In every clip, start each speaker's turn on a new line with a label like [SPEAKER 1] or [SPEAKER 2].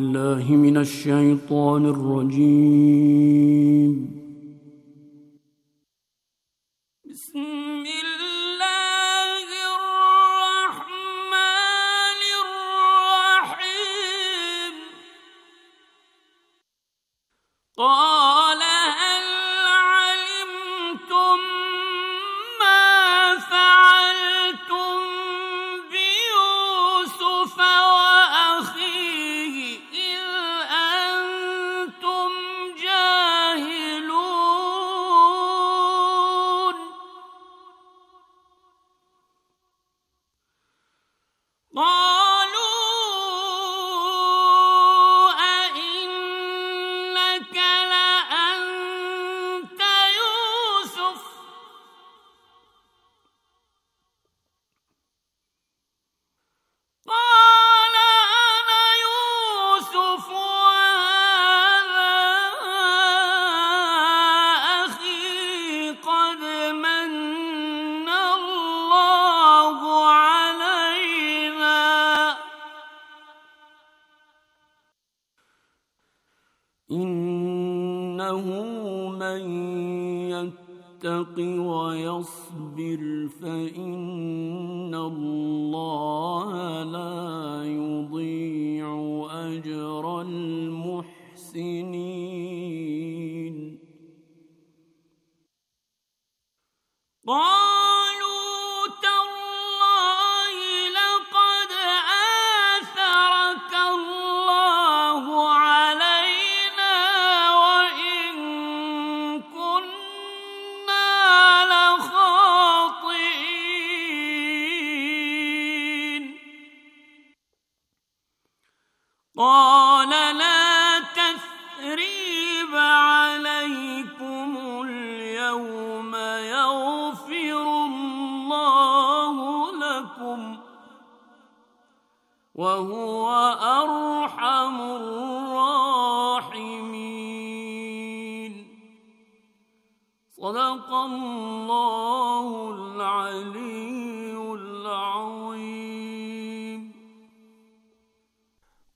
[SPEAKER 1] الله من الشيطان الرجيم بسم Oh!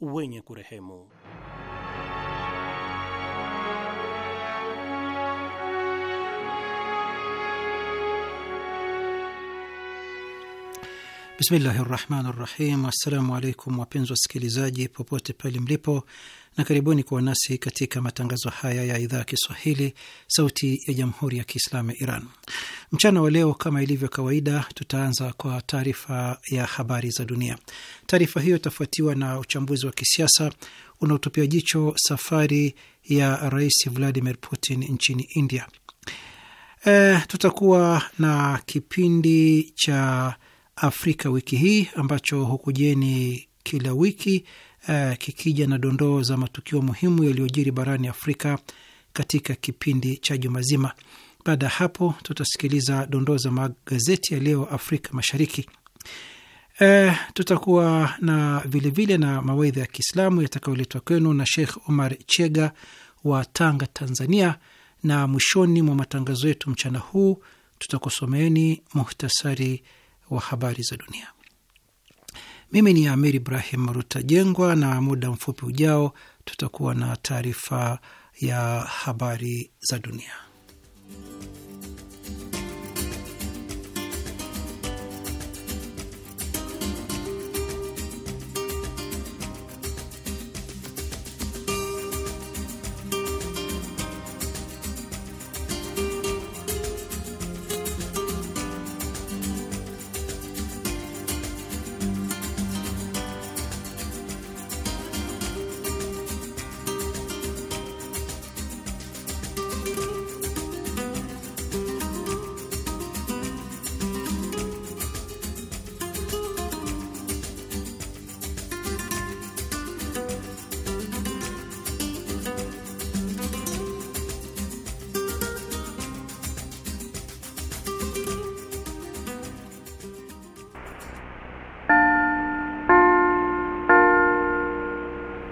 [SPEAKER 2] wenye kurehemu.
[SPEAKER 3] Bismillahi rahmani rahim. Assalamu alaikum wapenzi wasikilizaji popote pale mlipo na karibuni kuwa nasi katika matangazo haya ya idhaa ya Kiswahili, Sauti ya Jamhuri ya Kiislamu ya Iran. Mchana wa leo, kama ilivyo kawaida, tutaanza kwa taarifa ya habari za dunia. Taarifa hiyo itafuatiwa na uchambuzi wa kisiasa unaotupia jicho safari ya Rais Vladimir Putin nchini India. E, tutakuwa na kipindi cha Afrika wiki hii ambacho hukujeni kila wiki Eh, kikija na dondoo za matukio muhimu yaliyojiri barani Afrika katika kipindi cha juma zima. Baada ya hapo, tutasikiliza dondoo za magazeti ya leo Afrika Mashariki. Eh, tutakuwa na vilevile na mawaidha ya Kiislamu yatakayoletwa kwenu na Sheikh Omar Chega wa Tanga, Tanzania, na mwishoni mwa matangazo yetu mchana huu tutakusomeeni muhtasari wa habari za dunia. Mimi ni Amir Ibrahim Rutajengwa, na muda mfupi ujao tutakuwa na taarifa ya habari za dunia.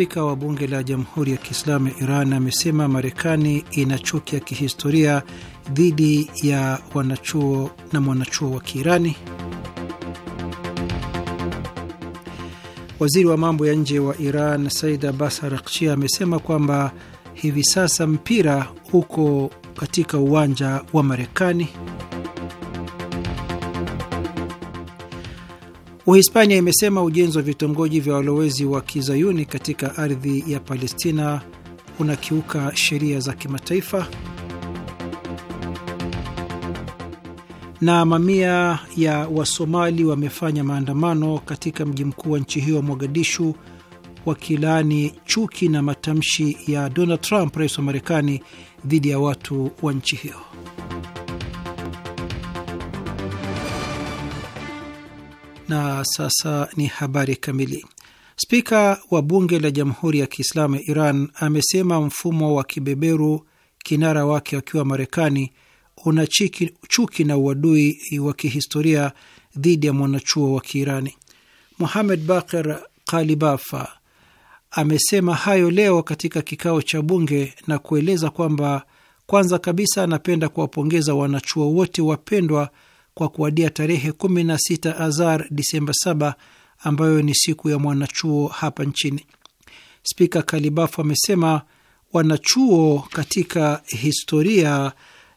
[SPEAKER 3] Spika wa bunge la Jamhuri ya Kiislamu ya Iran amesema Marekani ina chuki ya kihistoria dhidi ya wanachuo na mwanachuo wa Kiirani. Waziri wa mambo ya nje wa Iran Said Abbas arakchi amesema kwamba hivi sasa mpira uko katika uwanja wa Marekani. Uhispania imesema ujenzi wa vitongoji vya walowezi wa kizayuni katika ardhi ya Palestina unakiuka sheria za kimataifa. Na mamia ya Wasomali wamefanya maandamano katika mji mkuu wa nchi hiyo wa Mogadishu wakilaani chuki na matamshi ya Donald Trump, rais wa Marekani, dhidi ya watu wa nchi hiyo. Na sasa ni habari kamili. Spika wa bunge la Jamhuri ya Kiislamu ya Iran amesema mfumo wa kibeberu, kinara wake akiwa Marekani, una chiki, chuki na uadui wa kihistoria dhidi ya mwanachuo wa Kiirani. Muhamed Bakir Kalibafa amesema hayo leo katika kikao cha bunge na kueleza kwamba kwanza kabisa anapenda kuwapongeza wanachuo wote wapendwa kwa kuadia tarehe 16 Azar, Disemba 7, ambayo ni siku ya mwanachuo hapa nchini. Spika Kalibafu amesema wanachuo katika historia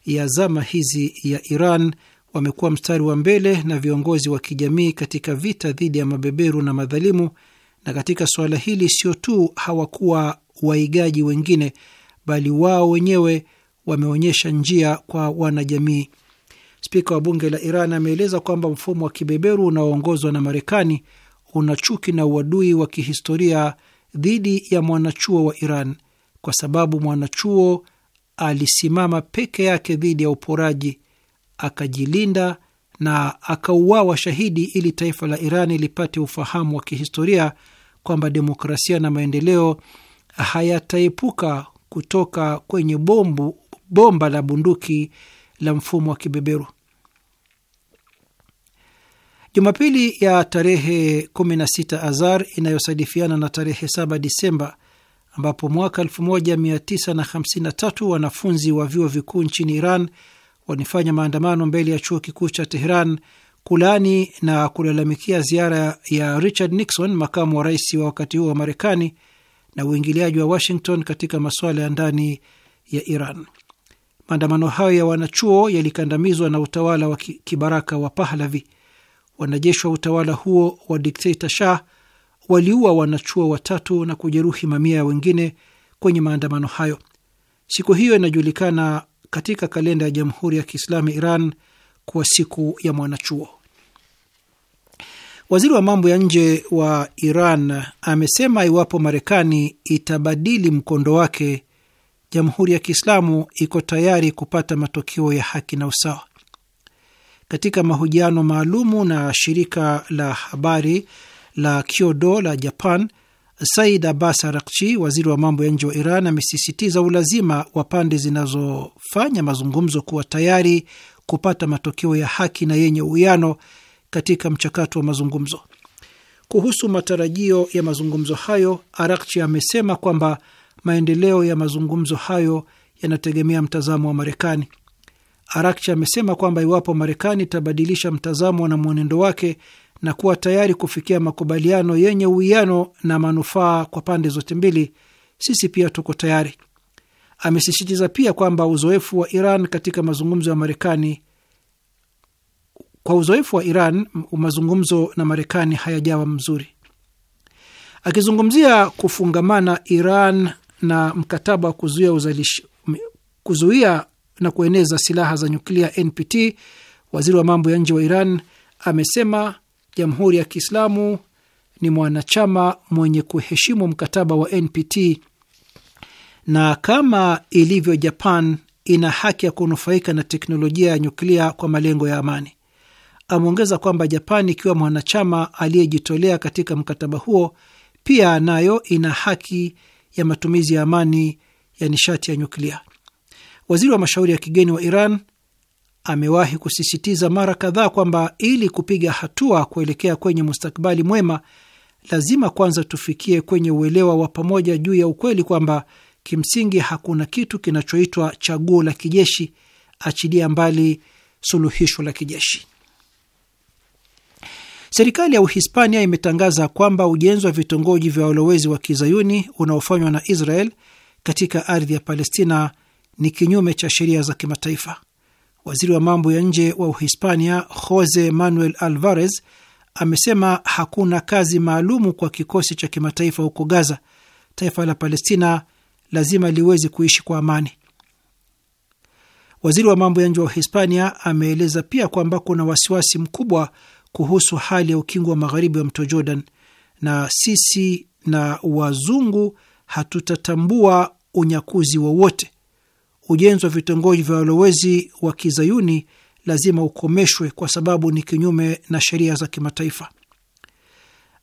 [SPEAKER 3] ya zama hizi ya Iran wamekuwa mstari wa mbele na viongozi wa kijamii katika vita dhidi ya mabeberu na madhalimu, na katika suala hili sio tu hawakuwa waigaji wengine, bali wao wenyewe wameonyesha njia kwa wanajamii. Spika wa bunge la Iran ameeleza kwamba mfumo wa kibeberu unaoongozwa na Marekani una chuki na uadui wa kihistoria dhidi ya mwanachuo wa Iran kwa sababu mwanachuo alisimama peke yake dhidi ya uporaji, akajilinda na akauawa shahidi ili taifa la Iran lipate ufahamu wa kihistoria kwamba demokrasia na maendeleo hayataepuka kutoka kwenye bombu, bomba la bunduki la mfumo wa kibeberu. Jumapili ya tarehe 16 Azar inayosadifiana na tarehe 7 Disemba, ambapo mwaka 1953 wanafunzi wa vyuo vikuu nchini Iran walifanya maandamano mbele ya chuo kikuu cha Teheran kulani na kulalamikia ziara ya Richard Nixon, makamu wa rais wa wakati huo wa Marekani, na uingiliaji wa Washington katika masuala ya ndani ya Iran. Maandamano hayo ya wanachuo yalikandamizwa na utawala wa kibaraka wa Pahlavi. Wanajeshi wa utawala huo wa dikteta Shah waliua wanachuo watatu na kujeruhi mamia ya wengine kwenye maandamano hayo. Siku hiyo inajulikana katika kalenda ya Jamhuri ya Kiislamu Iran kwa siku ya mwanachuo. Waziri wa mambo ya nje wa Iran amesema iwapo Marekani itabadili mkondo wake Jamhuri ya Kiislamu iko tayari kupata matokeo ya haki na usawa. Katika mahojiano maalumu na shirika la habari la Kyodo la Japan, Said Abbas Arakchi, waziri wa mambo ya nje wa Iran, amesisitiza ulazima wa pande zinazofanya mazungumzo kuwa tayari kupata matokeo ya haki na yenye uwiano katika mchakato wa mazungumzo. Kuhusu matarajio ya mazungumzo hayo, Arakchi amesema kwamba maendeleo ya mazungumzo hayo yanategemea mtazamo wa Marekani. Arakchi amesema kwamba iwapo Marekani itabadilisha mtazamo na mwenendo wake na kuwa tayari kufikia makubaliano yenye uwiano na manufaa kwa pande zote mbili, sisi pia tuko tayari. Amesisitiza pia kwamba uzoefu wa Iran katika mazungumzo ya Marekani, kwa uzoefu wa Iran mazungumzo na Marekani hayajawa mzuri. Akizungumzia kufungamana Iran na mkataba wa kuzuia uzalish, kuzuia na kueneza silaha za nyuklia NPT, waziri wa mambo ya nje wa Iran amesema Jamhuri ya Kiislamu ni mwanachama mwenye kuheshimu mkataba wa NPT na kama ilivyo Japan ina haki ya kunufaika na teknolojia ya nyuklia kwa malengo ya amani. Ameongeza kwamba Japan ikiwa mwanachama aliyejitolea katika mkataba huo, pia nayo ina haki ya matumizi ya amani ya nishati ya nyuklia. Waziri wa mashauri ya kigeni wa Iran amewahi kusisitiza mara kadhaa kwamba ili kupiga hatua kuelekea kwenye mustakabali mwema, lazima kwanza tufikie kwenye uelewa wa pamoja juu ya ukweli kwamba kimsingi hakuna kitu kinachoitwa chaguo la kijeshi, achilia mbali suluhisho la kijeshi. Serikali ya Uhispania imetangaza kwamba ujenzi wa vitongoji vya walowezi wa kizayuni unaofanywa na Israel katika ardhi ya Palestina ni kinyume cha sheria za kimataifa. Waziri wa mambo ya nje wa Uhispania Jose Manuel Alvarez amesema hakuna kazi maalumu kwa kikosi cha kimataifa huko Gaza. Taifa la Palestina lazima liweze kuishi kwa amani. Waziri wa mambo ya nje wa Uhispania ameeleza pia kwamba kuna wasiwasi mkubwa kuhusu hali ya ukingo wa magharibi wa mto Jordan, na sisi na wazungu hatutatambua unyakuzi wowote. Ujenzi wa vitongoji vya walowezi wa kizayuni lazima ukomeshwe kwa sababu ni kinyume na sheria za kimataifa,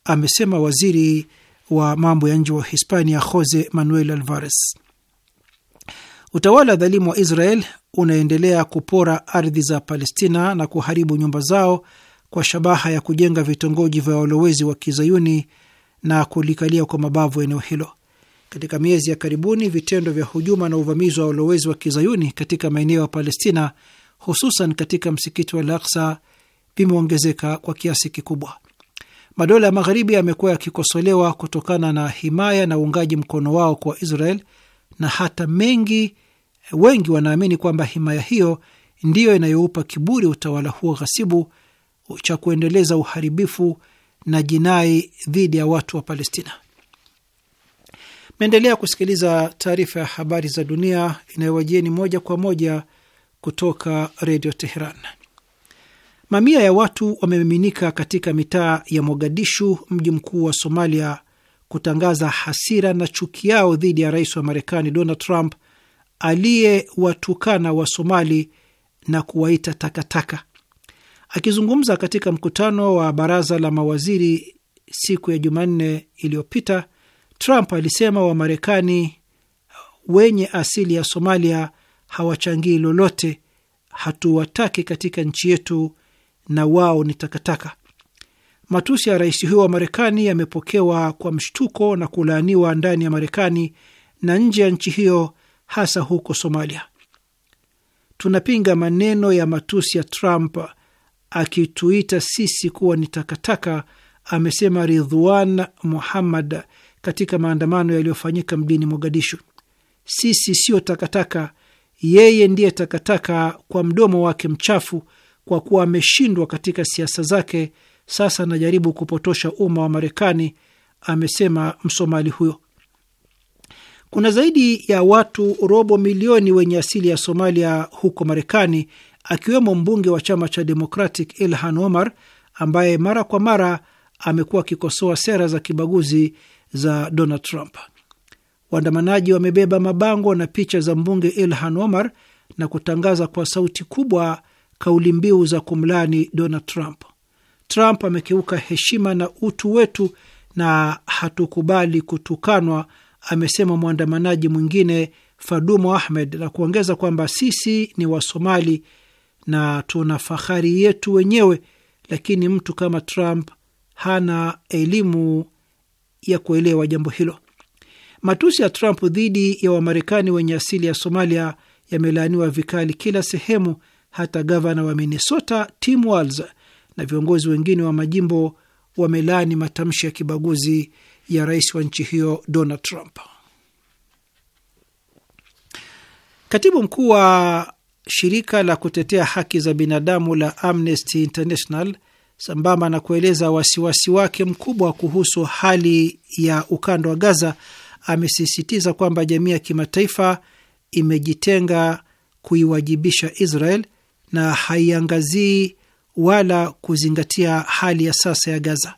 [SPEAKER 3] amesema waziri wa mambo ya nje wa Hispania Jose Manuel Alvarez. Utawala dhalimu wa Israel unaendelea kupora ardhi za Palestina na kuharibu nyumba zao kwa shabaha ya kujenga vitongoji vya walowezi wa kizayuni na kulikalia kwa mabavu eneo hilo. Katika miezi ya karibuni, vitendo vya hujuma na uvamizi wa walowezi wa kizayuni katika maeneo ya Palestina, hususan katika msikiti wa Al-Aqsa vimeongezeka kwa kiasi kikubwa. Madola ya Magharibi yamekuwa yakikosolewa kutokana na himaya na uungaji mkono wao kwa Israel na hata mengi wengi wanaamini kwamba himaya hiyo ndiyo inayoupa kiburi utawala huo ghasibu cha kuendeleza uharibifu na jinai dhidi ya watu wa Palestina. Naendelea kusikiliza taarifa ya habari za dunia inayowajieni moja kwa moja kutoka redio Teheran. Mamia ya watu wamemiminika katika mitaa ya Mogadishu, mji mkuu wa Somalia, kutangaza hasira na chuki yao dhidi ya rais wa Marekani Donald Trump aliyewatukana wa somali na kuwaita takataka Akizungumza katika mkutano wa baraza la mawaziri siku ya Jumanne iliyopita, Trump alisema Wamarekani wenye asili ya Somalia hawachangii lolote, hatuwataki katika nchi yetu na wao ni takataka. Matusi ya rais huyo wa Marekani yamepokewa kwa mshtuko na kulaaniwa ndani ya Marekani na nje ya nchi hiyo, hasa huko Somalia. Tunapinga maneno ya matusi ya Trump akituita sisi kuwa ni takataka, amesema Ridhwan Muhammad katika maandamano yaliyofanyika mjini Mogadishu. Sisi siyo takataka, yeye ndiye takataka kwa mdomo wake mchafu, kwa kuwa ameshindwa katika siasa zake. Sasa anajaribu kupotosha umma wa Marekani, amesema Msomali huyo. Kuna zaidi ya watu robo milioni wenye asili ya Somalia huko Marekani akiwemo mbunge wa chama cha Democratic Ilhan Omar ambaye mara kwa mara amekuwa akikosoa sera za kibaguzi za Donald Trump. Waandamanaji wamebeba mabango na picha za mbunge Ilhan Omar na kutangaza kwa sauti kubwa kauli mbiu za kumlani Donald Trump. Trump amekeuka heshima na utu wetu na hatukubali kutukanwa, amesema mwandamanaji mwingine Fadumo Ahmed, na kuongeza kwamba sisi ni Wasomali na tuna fahari yetu wenyewe, lakini mtu kama Trump hana elimu ya kuelewa jambo hilo. Matusi ya Trump dhidi ya Wamarekani wenye asili ya Somalia yamelaaniwa vikali kila sehemu. Hata gavana wa Minnesota Tim Walz na viongozi wengine wa majimbo wamelaani matamshi ya kibaguzi ya rais wa nchi hiyo Donald Trump. Katibu mkuu wa shirika la kutetea haki za binadamu la Amnesty International sambamba na kueleza wasiwasi wake mkubwa kuhusu hali ya ukanda wa Gaza, amesisitiza kwamba jamii ya kimataifa imejitenga kuiwajibisha Israel na haiangazii wala kuzingatia hali ya sasa ya Gaza.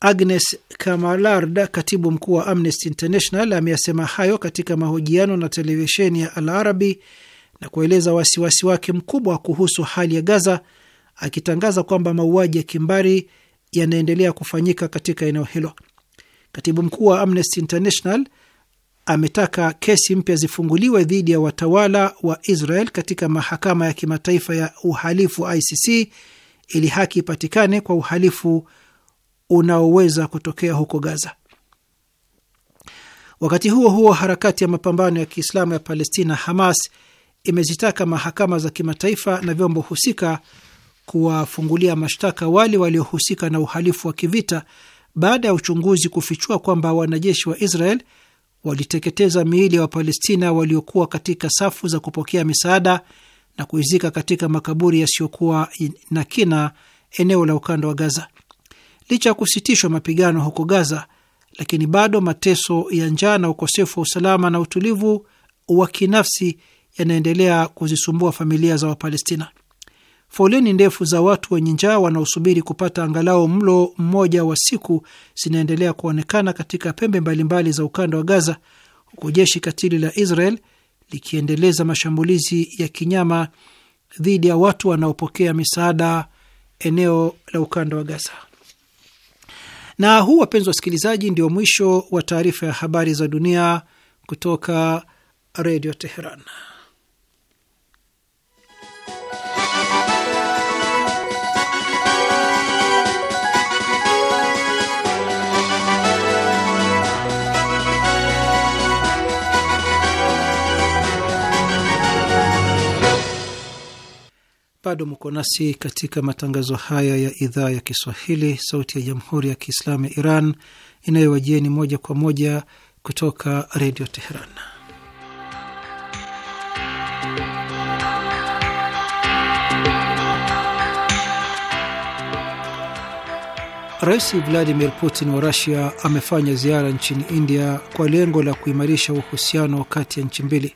[SPEAKER 3] Agnes Kamalard, katibu mkuu wa Amnesty International, ameyasema hayo katika mahojiano na televisheni ya Al Arabi na kueleza wasiwasi wake mkubwa kuhusu hali ya Gaza, akitangaza kwamba mauaji ya kimbari yanaendelea kufanyika katika eneo hilo. Katibu mkuu wa Amnesty International ametaka kesi mpya zifunguliwe dhidi ya watawala wa Israel katika mahakama ya kimataifa ya uhalifu ICC ili haki ipatikane kwa uhalifu unaoweza kutokea huko Gaza. Wakati huo huo, harakati ya mapambano ya Kiislamu ya Palestina Hamas imezitaka mahakama za kimataifa na vyombo husika kuwafungulia mashtaka wale waliohusika na uhalifu wa kivita baada ya uchunguzi kufichua kwamba wanajeshi wa Israel waliteketeza miili ya wa Wapalestina waliokuwa katika safu za kupokea misaada na kuizika katika makaburi yasiyokuwa na kina eneo la ukanda wa Gaza. Licha ya kusitishwa mapigano huko Gaza, lakini bado mateso ya njaa na ukosefu wa usalama na utulivu wa kinafsi yanaendelea kuzisumbua familia za Wapalestina. Foleni ndefu za watu wenye njaa wanaosubiri kupata angalau mlo mmoja wa siku zinaendelea kuonekana katika pembe mbalimbali za ukanda wa Gaza, huku jeshi katili la Israel likiendeleza mashambulizi ya kinyama dhidi ya watu wanaopokea misaada eneo la ukanda wa Gaza. Na huu, wapenzi wasikilizaji, ndio mwisho wa taarifa ya habari za dunia kutoka Redio Teheran. Bado mko nasi katika matangazo haya ya idhaa ya Kiswahili, sauti ya jamhuri ya kiislamu ya Iran inayowajieni moja kwa moja kutoka redio Teheran. Rais Vladimir Putin wa Rusia amefanya ziara nchini India kwa lengo la kuimarisha uhusiano kati ya nchi mbili.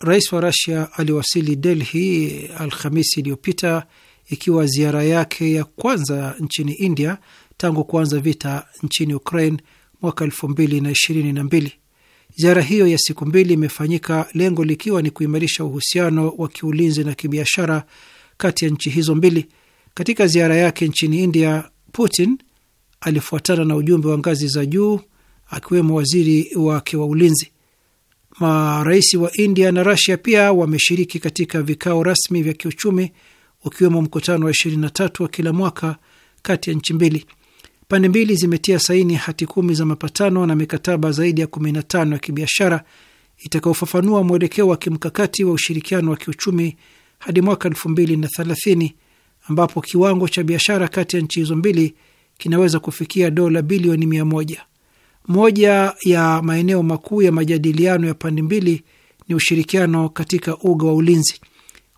[SPEAKER 3] Rais wa Rasia aliwasili Delhi Alhamisi iliyopita ikiwa ziara yake ya kwanza nchini India tangu kuanza vita nchini Ukraine mwaka elfu mbili na ishirini na mbili. Ziara hiyo ya siku mbili imefanyika lengo likiwa ni kuimarisha uhusiano wa kiulinzi na kibiashara kati ya nchi hizo mbili. Katika ziara yake nchini India, Putin alifuatana na ujumbe wa ngazi za juu akiwemo waziri wake wa ulinzi. Marais wa India na Rasia pia wameshiriki katika vikao rasmi vya kiuchumi, ukiwemo mkutano wa 23 wa kila mwaka kati ya nchi mbili. Pande mbili zimetia saini hati kumi za mapatano na mikataba zaidi ya 15 ya kibiashara itakayofafanua mwelekeo wa kimkakati wa ushirikiano wa kiuchumi hadi mwaka 2030 ambapo kiwango cha biashara kati ya nchi hizo mbili kinaweza kufikia dola bilioni moja. Moja ya maeneo makuu ya majadiliano ya pande mbili ni ushirikiano katika uga wa ulinzi.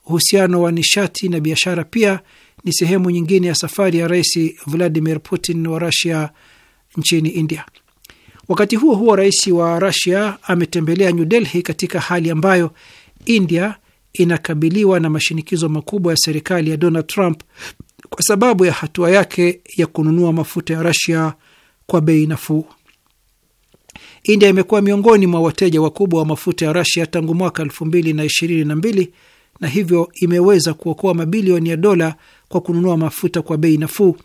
[SPEAKER 3] Uhusiano wa nishati na biashara pia ni sehemu nyingine ya safari ya Rais Vladimir Putin wa rasia nchini India. Wakati huo huo, rais wa rasia ametembelea New Delhi katika hali ambayo India inakabiliwa na mashinikizo makubwa ya serikali ya Donald Trump kwa sababu ya hatua yake ya kununua mafuta ya rasia kwa bei nafuu. India imekuwa miongoni mwa wateja wakubwa wa mafuta ya Rasia tangu mwaka mbili na hivyo imeweza kuokoa mabilioni ya dola kwa kununua mafuta kwa bei nafuu.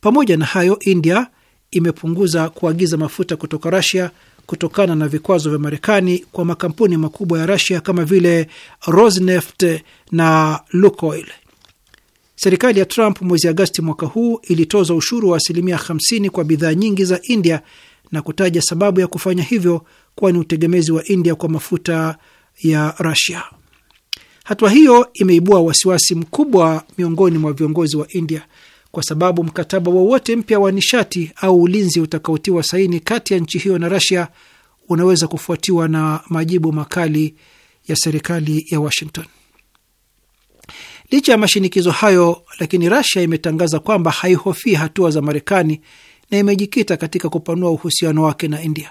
[SPEAKER 3] Pamoja na hayo, India imepunguza kuagiza mafuta kutoka Rasia kutokana na vikwazo vya Marekani kwa makampuni makubwa ya Rasia kama vile Rosneft na Lukoil. Serikali ya Trump mwezi Agasti mwaka huu ilitoza ushuru wa asilimia 50 kwa bidhaa nyingi za India na kutaja sababu ya kufanya hivyo kuwa ni utegemezi wa India kwa mafuta ya rasia Hatua hiyo imeibua wasiwasi mkubwa miongoni mwa viongozi wa India kwa sababu mkataba wowote mpya wa nishati au ulinzi utakaotiwa saini kati ya nchi hiyo na rasia unaweza kufuatiwa na majibu makali ya serikali ya Washington. Licha ya mashinikizo hayo, lakini rasia imetangaza kwamba haihofii hatua za Marekani na imejikita katika kupanua uhusiano wake na India.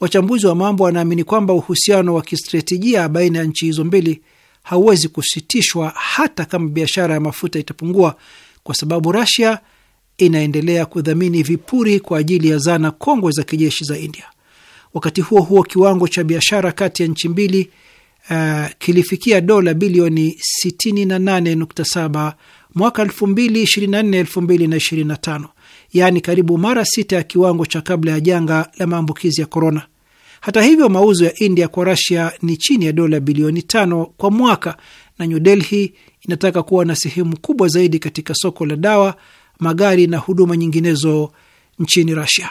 [SPEAKER 3] Wachambuzi wa mambo wanaamini kwamba uhusiano wa kistratejia baina ya nchi hizo mbili hauwezi kusitishwa hata kama biashara ya mafuta itapungua, kwa sababu rasia inaendelea kudhamini vipuri kwa ajili ya zana kongwe za kijeshi za India. Wakati huo huo, kiwango cha biashara kati ya nchi mbili uh, kilifikia dola bilioni 68.7 mwaka 2024/2025 yaani karibu mara sita ya kiwango cha kabla ya janga la maambukizi ya korona. Hata hivyo, mauzo ya India kwa Rasia ni chini ya dola bilioni tano kwa mwaka, na New Delhi inataka kuwa na sehemu kubwa zaidi katika soko la dawa, magari na huduma nyinginezo nchini Rasia.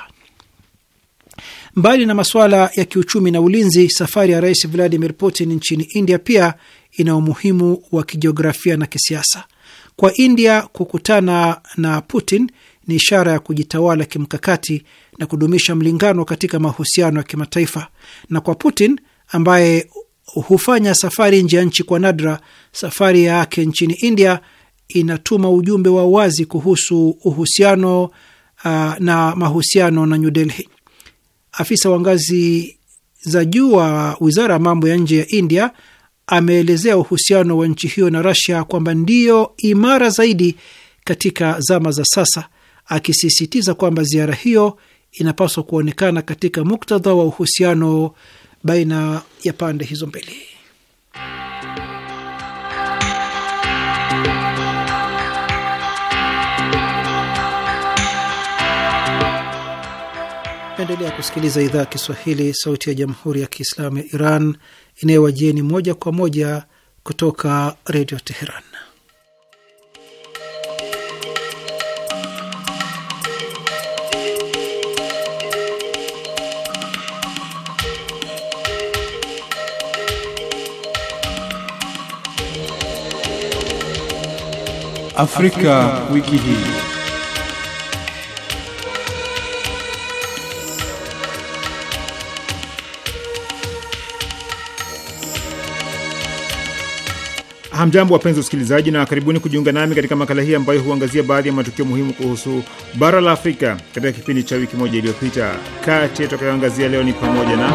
[SPEAKER 3] Mbali na masuala ya kiuchumi na ulinzi, safari ya Rais Vladimir Putin nchini India pia ina umuhimu wa kijiografia na kisiasa. Kwa India, kukutana na Putin ni ishara ya kujitawala kimkakati na kudumisha mlingano katika mahusiano ya kimataifa. Na kwa Putin ambaye hufanya safari nje ya nchi kwa nadra, safari yake nchini India inatuma ujumbe wa wazi kuhusu uhusiano uh, na mahusiano na New Delhi. Afisa wa ngazi za juu wa wizara ya mambo ya nje ya India ameelezea uhusiano wa nchi hiyo na Russia kwamba ndiyo imara zaidi katika zama za sasa akisisitiza kwamba ziara hiyo inapaswa kuonekana katika muktadha wa uhusiano baina ya pande hizo mbili. Naendelea kusikiliza idhaa ya Kiswahili, sauti ya jamhuri ya kiislamu ya Iran inayowajieni moja kwa moja kutoka redio Teheran.
[SPEAKER 2] Afrika, wiki hii.
[SPEAKER 4] Hamjambo wapenzi wasikilizaji, na karibuni kujiunga nami katika makala hii ambayo huangazia baadhi ya matukio muhimu kuhusu bara la Afrika katika kipindi cha wiki moja iliyopita. Kati yatakayoangazia leo ni pamoja na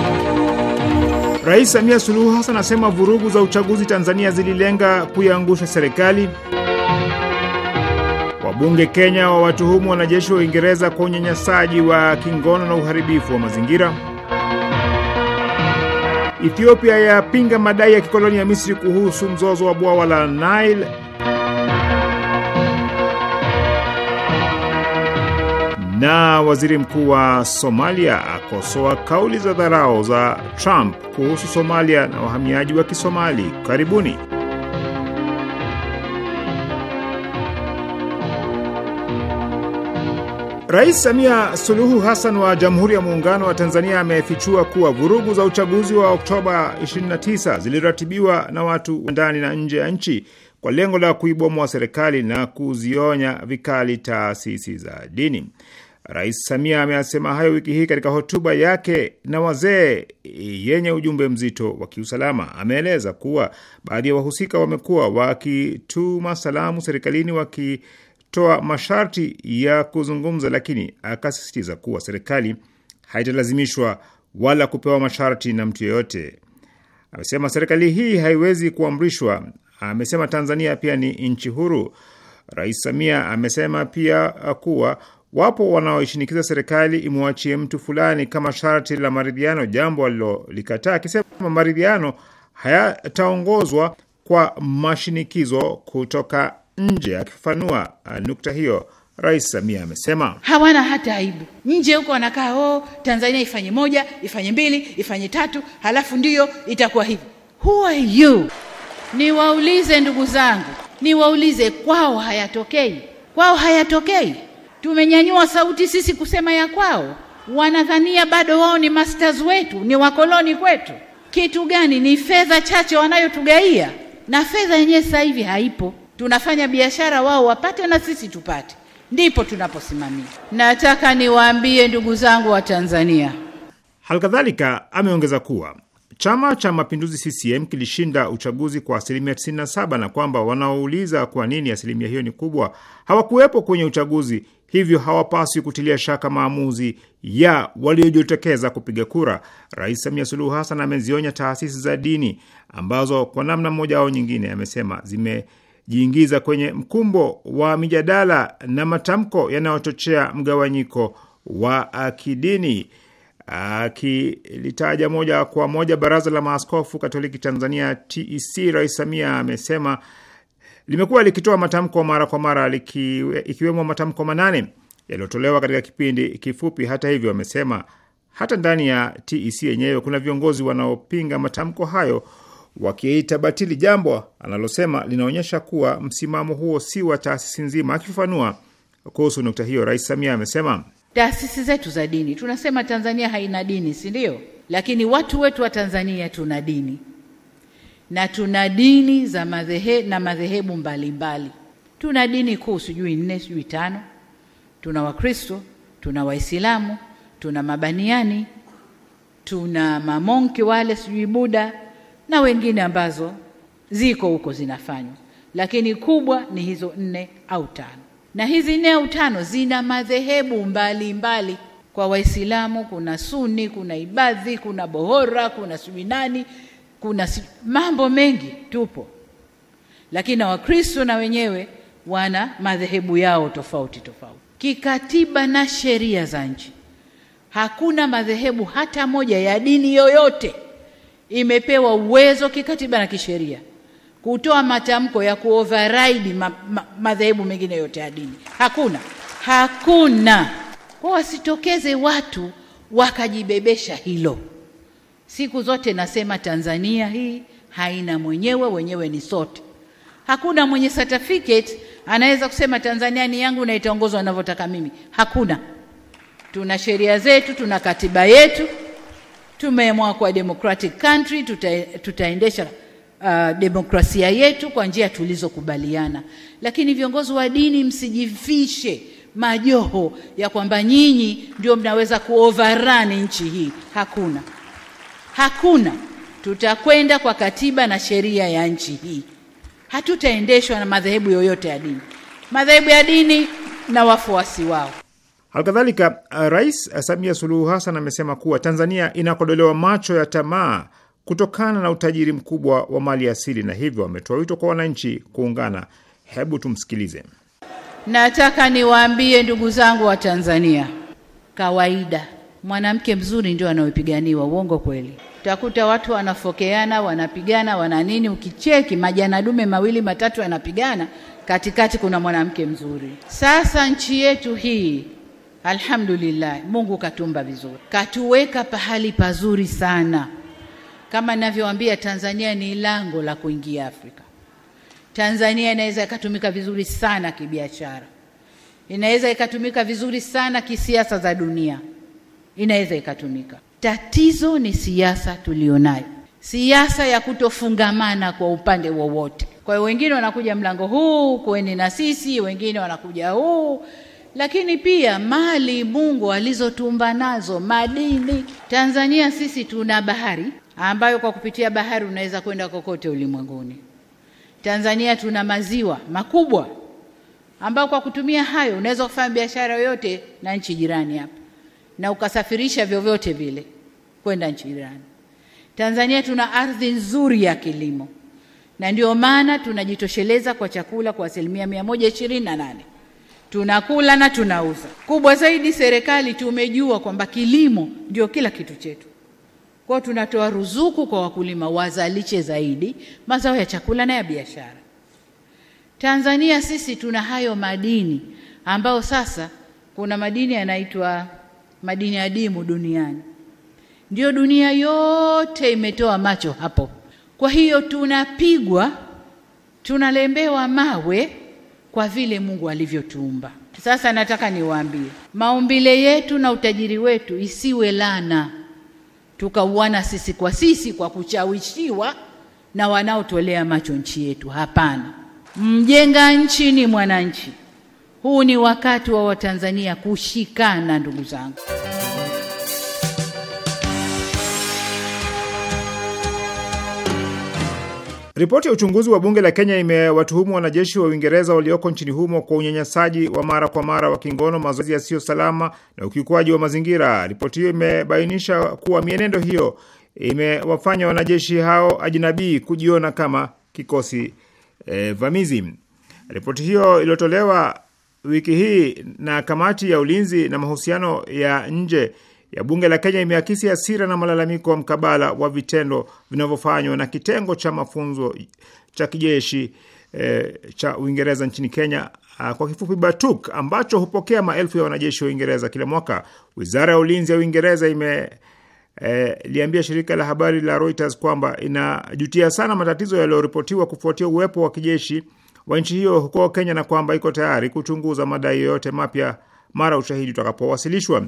[SPEAKER 4] Rais Samia Suluhu Hassan asema vurugu za uchaguzi Tanzania zililenga kuiangusha serikali. Wabunge Kenya wawatuhumu wanajeshi wa Uingereza kwa unyanyasaji wa kingono na uharibifu wa mazingira. Ethiopia yapinga madai ya kikoloni ya Misri kuhusu mzozo wa bwawa la Nile. Na waziri mkuu wa Somalia akosoa kauli za dharau za Trump kuhusu Somalia na wahamiaji wa Kisomali. Karibuni. Rais Samia Suluhu Hassan wa Jamhuri ya Muungano wa Tanzania amefichua kuwa vurugu za uchaguzi wa Oktoba 29 ziliratibiwa na watu ndani na nje ya nchi kwa lengo la kuibomoa serikali na kuzionya vikali taasisi za dini. Rais Samia ameyasema hayo wiki hii katika hotuba yake na wazee yenye ujumbe mzito wa kiusalama. Ameeleza kuwa baadhi ya wahusika wamekuwa wakituma salamu serikalini waki kutoa masharti ya kuzungumza, lakini akasisitiza kuwa serikali haitalazimishwa wala kupewa masharti na mtu yeyote. Amesema serikali hii haiwezi kuamrishwa. Amesema Tanzania pia ni nchi huru. Rais Samia amesema pia kuwa wapo wanaoishinikiza serikali imwachie mtu fulani kama sharti la maridhiano, jambo alilolikataa akisema maridhiano hayataongozwa kwa mashinikizo kutoka nje. Akifafanua ah, nukta hiyo, Rais Samia amesema
[SPEAKER 5] hawana hata aibu. Nje huko wanakaa oh, Tanzania ifanye moja, ifanye mbili, ifanye tatu, halafu ndiyo itakuwa hivi. Who are you? Niwaulize ndugu zangu, niwaulize, kwao hayatokei, kwao hayatokei. Tumenyanyua sauti sisi kusema ya kwao, wanadhania bado wao ni masters wetu, ni wakoloni kwetu. Kitu gani? Ni fedha chache wanayotugaia, na fedha yenyewe sasa hivi haipo tunafanya biashara, wao wapate na sisi tupate, ndipo tunaposimamia. Nataka niwaambie ndugu zangu wa Tanzania.
[SPEAKER 4] Halikadhalika ameongeza kuwa Chama cha Mapinduzi CCM kilishinda uchaguzi kwa asilimia 97 na kwamba wanaouliza kwa nini asilimia hiyo ni kubwa hawakuwepo kwenye uchaguzi, hivyo hawapaswi kutilia shaka maamuzi ya waliojitokeza kupiga kura. Rais Samia Suluhu Hassan amezionya taasisi za dini ambazo kwa namna moja au nyingine, amesema zime kujiingiza kwenye mkumbo wa mijadala na matamko yanayochochea mgawanyiko wa uh, kidini. Akilitaja moja kwa moja Baraza la Maaskofu Katoliki Tanzania TEC, Rais Samia amesema limekuwa likitoa matamko mara kwa mara ikiwemo matamko manane yaliyotolewa katika kipindi kifupi. Hata hivyo, amesema hata ndani ya TEC yenyewe kuna viongozi wanaopinga matamko hayo wakiita batili, jambo analosema linaonyesha kuwa msimamo huo si wa taasisi nzima. Akifafanua kuhusu nukta hiyo, Rais Samia amesema
[SPEAKER 5] taasisi zetu za dini, tunasema Tanzania haina dini, si ndio? Lakini watu wetu wa Tanzania tuna dini na tuna dini za madhehe na madhehebu mbalimbali. Tuna dini kuu sijui nne sijui tano. Tuna Wakristo, tuna Waislamu, tuna mabaniani, tuna mamonki wale sijui Buda na wengine ambazo ziko huko zinafanywa, lakini kubwa ni hizo nne au tano. Na hizi nne au tano zina madhehebu mbalimbali mbali. Kwa Waislamu kuna Suni, kuna Ibadhi, kuna Bohora, kuna Suminani, kuna mambo mengi tupo, lakini na Wakristo na wenyewe wana madhehebu yao tofauti tofauti. Kikatiba na sheria za nchi, hakuna madhehebu hata moja ya dini yoyote imepewa uwezo kikatiba na kisheria kutoa matamko ya kuoverride ma, ma, madhehebu mengine yote ya dini. Hakuna, hakuna. Kwa wasitokeze watu wakajibebesha hilo. Siku zote nasema Tanzania hii haina mwenyewe, wenyewe ni sote. Hakuna mwenye certificate anaweza kusema Tanzania ni yangu na itaongozwa ninavyotaka mimi. Hakuna. Tuna sheria zetu, tuna katiba yetu tumeamua kwa democratic country tuta, tutaendesha uh, demokrasia yetu kwa njia tulizokubaliana. Lakini viongozi wa dini msijifishe majoho ya kwamba nyinyi ndio mnaweza kuoverrun nchi hii. Hakuna, hakuna. Tutakwenda kwa katiba na sheria ya nchi hii, hatutaendeshwa na madhehebu yoyote ya dini, madhehebu ya dini na wafuasi wao.
[SPEAKER 4] Halkadhalika, Rais Samia Suluhu Hassan amesema kuwa Tanzania inakodolewa macho ya tamaa kutokana na utajiri mkubwa wa mali asili, na hivyo ametoa wito kwa wananchi kuungana. Hebu tumsikilize.
[SPEAKER 5] Nataka niwaambie ndugu zangu wa Tanzania, kawaida mwanamke mzuri ndio anayepiganiwa. Uongo kweli? Utakuta watu wanafokeana, wanapigana, wana nini. Ukicheki majana dume mawili matatu yanapigana, katikati kuna mwanamke mzuri. Sasa nchi yetu hii Alhamdulillah, Mungu katumba vizuri, katuweka pahali pazuri sana. Kama ninavyowaambia, Tanzania ni lango la kuingia Afrika. Tanzania inaweza ikatumika vizuri sana kibiashara, inaweza ikatumika vizuri sana kisiasa za dunia, inaweza ikatumika. Tatizo ni siasa tulionayo, siasa ya kutofungamana kwa upande wowote. Kwa hiyo wengine wanakuja mlango huu, kueni na sisi, wengine wanakuja huu lakini pia mali Mungu alizotumba nazo madini. Tanzania sisi tuna bahari ambayo kwa kupitia bahari unaweza kwenda kokote ulimwenguni. Tanzania tuna maziwa makubwa ambayo kwa kutumia hayo unaweza kufanya biashara yoyote na nchi jirani hapa na ukasafirisha vyovyote vile kwenda nchi jirani. Tanzania tuna ardhi nzuri ya kilimo na ndio maana tunajitosheleza kwa chakula kwa asilimia mia moja ishirini na nane tunakula na tunauza. Kubwa zaidi, serikali tumejua kwamba kilimo ndio kila kitu chetu, kwa tunatoa ruzuku kwa wakulima wazalishe zaidi mazao ya chakula na ya biashara. Tanzania sisi tuna hayo madini ambayo sasa kuna madini yanaitwa madini adimu duniani, ndio dunia yote imetoa macho hapo. Kwa hiyo tunapigwa, tunalembewa mawe kwa vile Mungu alivyotuumba. Sasa nataka niwaambie, maumbile yetu na utajiri wetu isiwe lana, tukauana sisi kwa sisi kwa kuchawishiwa na wanaotolea macho nchi yetu. Hapana, mjenga nchi ni mwananchi. Huu ni wakati wa Watanzania kushikana, ndugu zangu.
[SPEAKER 4] Ripoti ya uchunguzi wa bunge la Kenya imewatuhumu wanajeshi wa Uingereza walioko nchini humo kwa unyanyasaji wa mara kwa mara wa kingono, mazoezi yasiyo salama na ukiukwaji wa mazingira. Ripoti hiyo imebainisha kuwa mienendo hiyo imewafanya wanajeshi hao ajinabii kujiona kama kikosi e, vamizi. Ripoti hiyo iliyotolewa wiki hii na kamati ya ulinzi na mahusiano ya nje ya bunge la Kenya imeakisi hasira na malalamiko wa mkabala wa vitendo vinavyofanywa na kitengo cha mafunzo cha kijeshi e, cha Uingereza nchini Kenya ah, kwa kifupi BATUK ambacho hupokea maelfu ya wanajeshi wa Uingereza kila mwaka. Wizara ya ulinzi ya Uingereza imeliambia eh, shirika la habari la Reuters kwamba inajutia sana matatizo yaliyoripotiwa kufuatia uwepo wa kijeshi wa nchi hiyo huko Kenya na kwamba iko tayari kuchunguza madai yoyote mapya mara ushahidi utakapowasilishwa.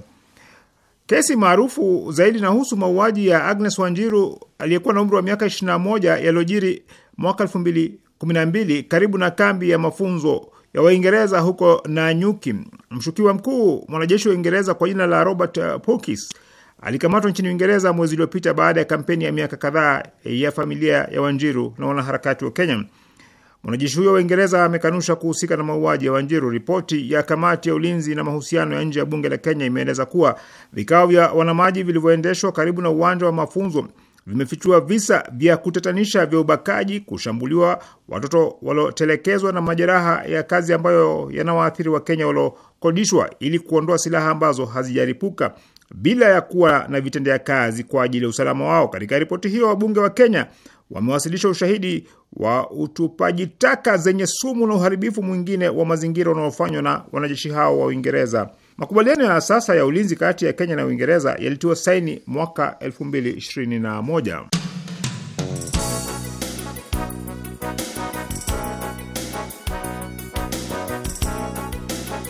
[SPEAKER 4] Kesi maarufu zaidi inahusu mauaji ya Agnes Wanjiru aliyekuwa na umri wa miaka 21 yaliyojiri mwaka 2012 karibu na kambi ya mafunzo ya Waingereza huko Nanyuki. Mshukiwa mkuu mwanajeshi wa Uingereza kwa jina la Robert uh, Pokis alikamatwa nchini Uingereza mwezi uliopita baada ya kampeni ya miaka kadhaa ya familia ya Wanjiru na wanaharakati wa Kenya. Mwanajeshi huyo wa Uingereza amekanusha kuhusika na mauaji ya Wanjiru. Ripoti ya kamati ya ulinzi na mahusiano ya nje ya bunge la Kenya imeeleza kuwa vikao vya wanamaji vilivyoendeshwa karibu na uwanja wa mafunzo vimefichua visa vya kutatanisha vya ubakaji, kushambuliwa watoto waliotelekezwa na majeraha ya kazi ambayo yanawaathiri Wakenya waliokodishwa ili kuondoa silaha ambazo hazijaripuka bila ya kuwa na vitendea kazi kwa ajili ya usalama wao. Katika ripoti hiyo, wabunge wa Kenya wamewasilisha ushahidi wa utupaji taka zenye sumu na uharibifu mwingine wa mazingira unaofanywa na wanajeshi hao wa Uingereza. Makubaliano ya sasa ya ulinzi kati ya Kenya na Uingereza yalitiwa saini mwaka 2021.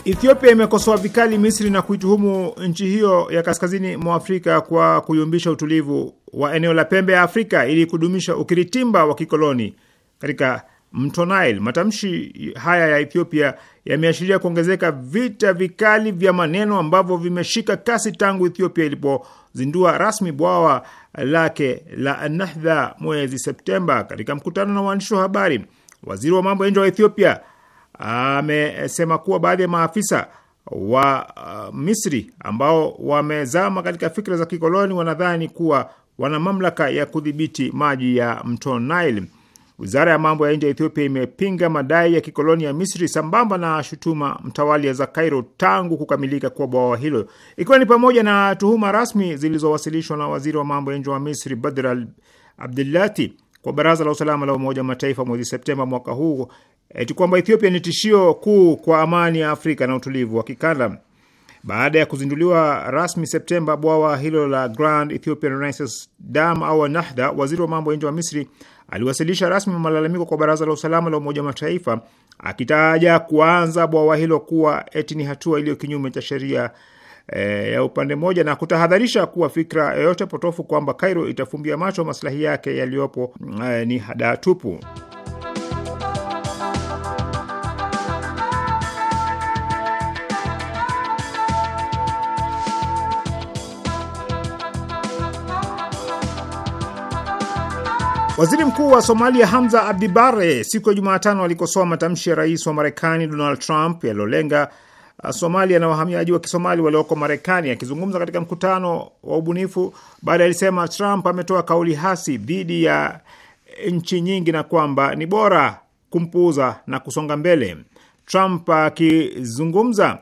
[SPEAKER 4] Ethiopia imekosoa vikali Misri na kuituhumu nchi hiyo ya kaskazini mwa Afrika kwa kuyumbisha utulivu wa eneo la pembe ya Afrika ili kudumisha ukiritimba wa kikoloni katika mto Nile. Matamshi haya ya Ethiopia yameashiria kuongezeka vita vikali vya maneno ambavyo vimeshika kasi tangu Ethiopia ilipozindua rasmi bwawa lake la Nahdha mwezi Septemba. Katika mkutano na waandishi wa habari, waziri wa mambo ya nje wa Ethiopia amesema kuwa baadhi ya maafisa wa uh, Misri ambao wamezama katika fikra za kikoloni wanadhani kuwa wana mamlaka ya kudhibiti maji ya mto Nile. Wizara ya mambo ya nje ya Ethiopia imepinga madai ya kikoloni ya Misri sambamba na shutuma mtawalia za Cairo tangu kukamilika kwa bwawa hilo, ikiwa ni pamoja na tuhuma rasmi zilizowasilishwa na waziri wa mambo ya nje wa Misri Badr al Abdillati kwa Baraza la Usalama la Umoja wa Mataifa mwezi Septemba mwaka huu eti kwamba Ethiopia ni tishio kuu kwa amani ya Afrika na utulivu wa kikanda. Baada ya kuzinduliwa rasmi Septemba bwawa hilo la Grand Ethiopian Renaissance Dam au Nahda, waziri wa mambo ya nje wa Misri aliwasilisha rasmi malalamiko kwa Baraza la Usalama la Umoja wa Mataifa akitaja kuanza bwawa hilo kuwa eti ni hatua iliyo kinyume cha sheria e, ya upande mmoja na kutahadharisha kuwa fikra yoyote potofu kwamba Cairo itafumbia macho maslahi yake yaliyopo e, ni hadaa tupu. Waziri mkuu wa Somalia Hamza Abdi Bare siku ya Jumatano alikosoa matamshi ya rais wa Marekani Donald Trump yaliyolenga uh, Somalia na wahamiaji wa Kisomali walioko Marekani. Akizungumza katika mkutano wa ubunifu, baada, alisema Trump ametoa kauli hasi dhidi ya nchi nyingi na kwamba ni bora kumpuuza na kusonga mbele. Trump akizungumza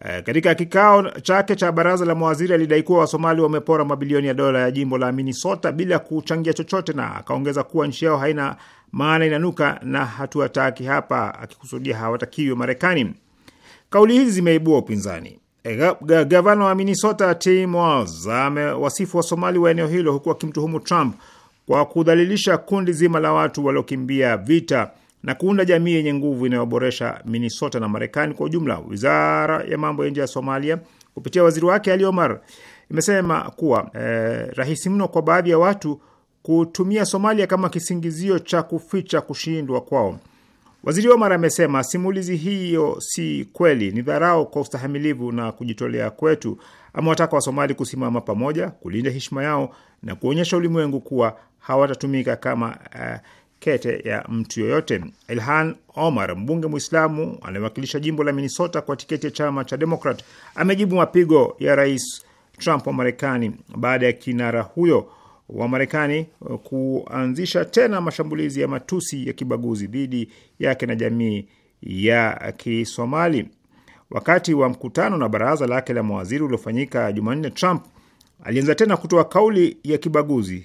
[SPEAKER 4] E, katika kikao chake cha baraza la mawaziri alidai kuwa Wasomali wamepora mabilioni ya dola ya jimbo la Minnesota bila kuchangia chochote, na akaongeza kuwa nchi yao haina maana, inanuka na hatuwataki hapa, akikusudia hawatakiwi Marekani. Kauli hizi zimeibua upinzani. Eh, gavana wa Minnesota Tim Walz amewasifu Wasomali wa eneo hilo huku akimtuhumu Trump kwa kudhalilisha kundi zima la watu waliokimbia vita na kuunda jamii yenye nguvu inayoboresha Minnesota na Marekani kwa ujumla. Wizara ya mambo ya nje ya Somalia kupitia waziri wake Ali Omar imesema kuwa eh, rahisi mno kwa baadhi ya watu kutumia Somalia kama kisingizio cha kuficha kushindwa kwao. Waziri Omar amesema simulizi hiyo si kweli, ni dharau kwa ustahamilivu na kujitolea kwetu. Amewataka Wasomali kusimama pamoja, kulinda heshima yao na kuonyesha ulimwengu kuwa hawatatumika kama eh, kete ya mtu yoyote. Ilhan Omar, mbunge Mwislamu anayewakilisha jimbo la Minnesota kwa tiketi ya chama cha Demokrat, amejibu mapigo ya Rais Trump wa Marekani baada ya kinara huyo wa Marekani uh, kuanzisha tena mashambulizi ya matusi ya kibaguzi dhidi yake na jamii ya Kisomali. Wakati wa mkutano na baraza lake la mawaziri uliofanyika Jumanne, Trump alianza tena kutoa kauli ya kibaguzi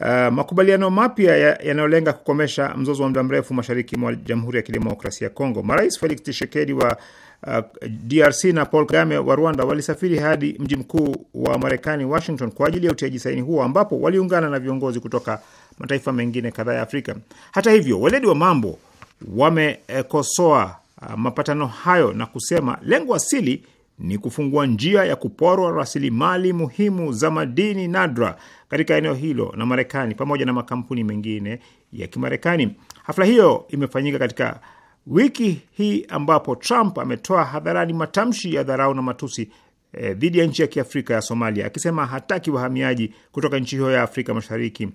[SPEAKER 4] Uh, makubaliano mapya yanayolenga ya kukomesha mzozo wa muda mrefu mashariki mwa Jamhuri ya Kidemokrasia ya Kongo. Marais Felix Tshisekedi wa uh, DRC na Paul Kagame wa Rwanda walisafiri hadi mji mkuu wa Marekani Washington kwa ajili ya utiaji saini huo ambapo waliungana na viongozi kutoka mataifa mengine kadhaa ya Afrika. Hata hivyo, weledi wa mambo wamekosoa uh, mapatano hayo na kusema lengo asili ni kufungua njia ya kuporwa rasilimali muhimu za madini nadra katika eneo hilo na Marekani pamoja na makampuni mengine ya Kimarekani. Hafla hiyo imefanyika katika wiki hii ambapo Trump ametoa hadharani matamshi ya dharau na matusi eh, dhidi e, ya nchi ya Kiafrika ya Somalia akisema hataki wahamiaji kutoka nchi hiyo ya Afrika Mashariki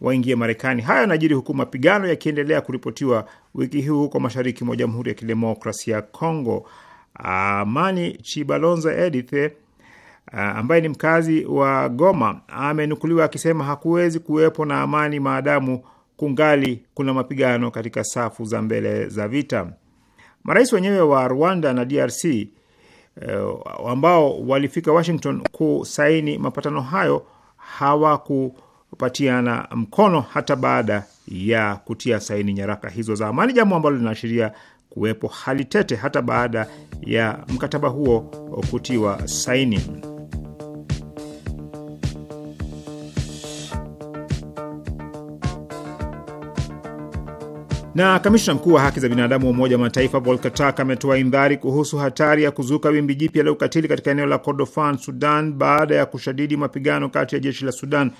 [SPEAKER 4] waingie Marekani. Hayo yanajiri huku mapigano yakiendelea kuripotiwa wiki hii huko mashariki mwa Jamhuri ya Kidemokrasia ya Kongo Amani Chibalonza Edith eh, ambaye ni mkazi wa Goma amenukuliwa akisema hakuwezi kuwepo na amani maadamu kungali kuna mapigano katika safu za mbele za vita. Marais wenyewe wa Rwanda na DRC eh, ambao walifika Washington kusaini mapatano hayo hawakupatiana mkono hata baada ya kutia saini nyaraka hizo za amani, jambo ambalo linaashiria kuwepo hali tete hata baada ya mkataba huo kutiwa saini. Na kamishna mkuu wa haki za binadamu wa Umoja wa Mataifa Volker Turk ametoa indhari kuhusu hatari ya kuzuka wimbi jipya la ukatili katika eneo la Kordofan, Sudan, baada ya kushadidi mapigano kati ya jeshi la Sudan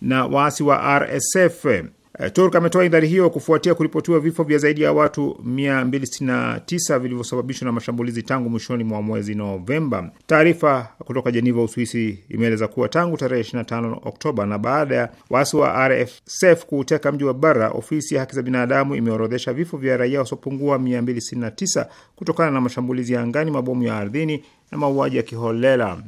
[SPEAKER 4] na waasi wa RSF. Eh, Turk ametoa idhari hiyo kufuatia kuripotiwa vifo vya zaidi ya watu 269 vilivyosababishwa na mashambulizi tangu mwishoni mwa mwezi Novemba. Taarifa kutoka Jeneva, Uswisi, imeeleza kuwa tangu tarehe 25 Oktoba na baada ya waasi wa RSF kuuteka mji wa Bara, ofisi ya haki za binadamu imeorodhesha vifo vya raia wasiopungua 269 kutokana na mashambulizi ya angani, mabomu ya ardhini na mauaji ya kiholela.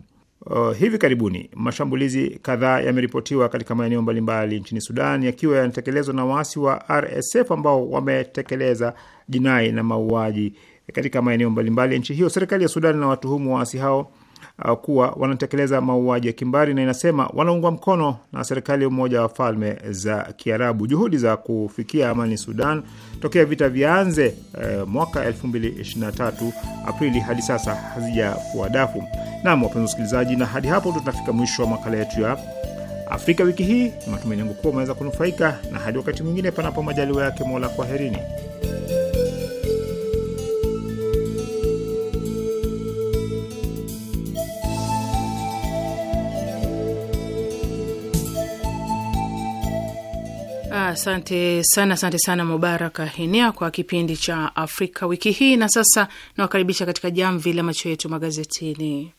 [SPEAKER 4] Uh, hivi karibuni mashambulizi kadhaa yameripotiwa katika maeneo mbalimbali nchini Sudan yakiwa yanatekelezwa na waasi wa RSF ambao wametekeleza jinai na mauaji katika maeneo mbalimbali ya nchi hiyo. Serikali ya Sudan na watuhumu waasi hao Uh, kuwa wanatekeleza mauaji ya kimbari na inasema wanaungwa mkono na serikali ya Umoja wa Falme za Kiarabu. Juhudi za kufikia amani Sudan tokea vita vianze eh, mwaka 2023 Aprili hadi sasa hazijafua dafu. Naam, wapenzi wasikilizaji, na hadi hapo tunafika mwisho wa makala yetu ya Afrika wiki hii. matumaini yangu kuwa umeweza kunufaika, na hadi wakati mwingine, panapo majaliwa yake Mola, kwaherini.
[SPEAKER 6] Asante sana, asante sana Mubaraka Henea kwa kipindi cha Afrika wiki hii. Na sasa nawakaribisha katika jamvi la macho yetu magazetini.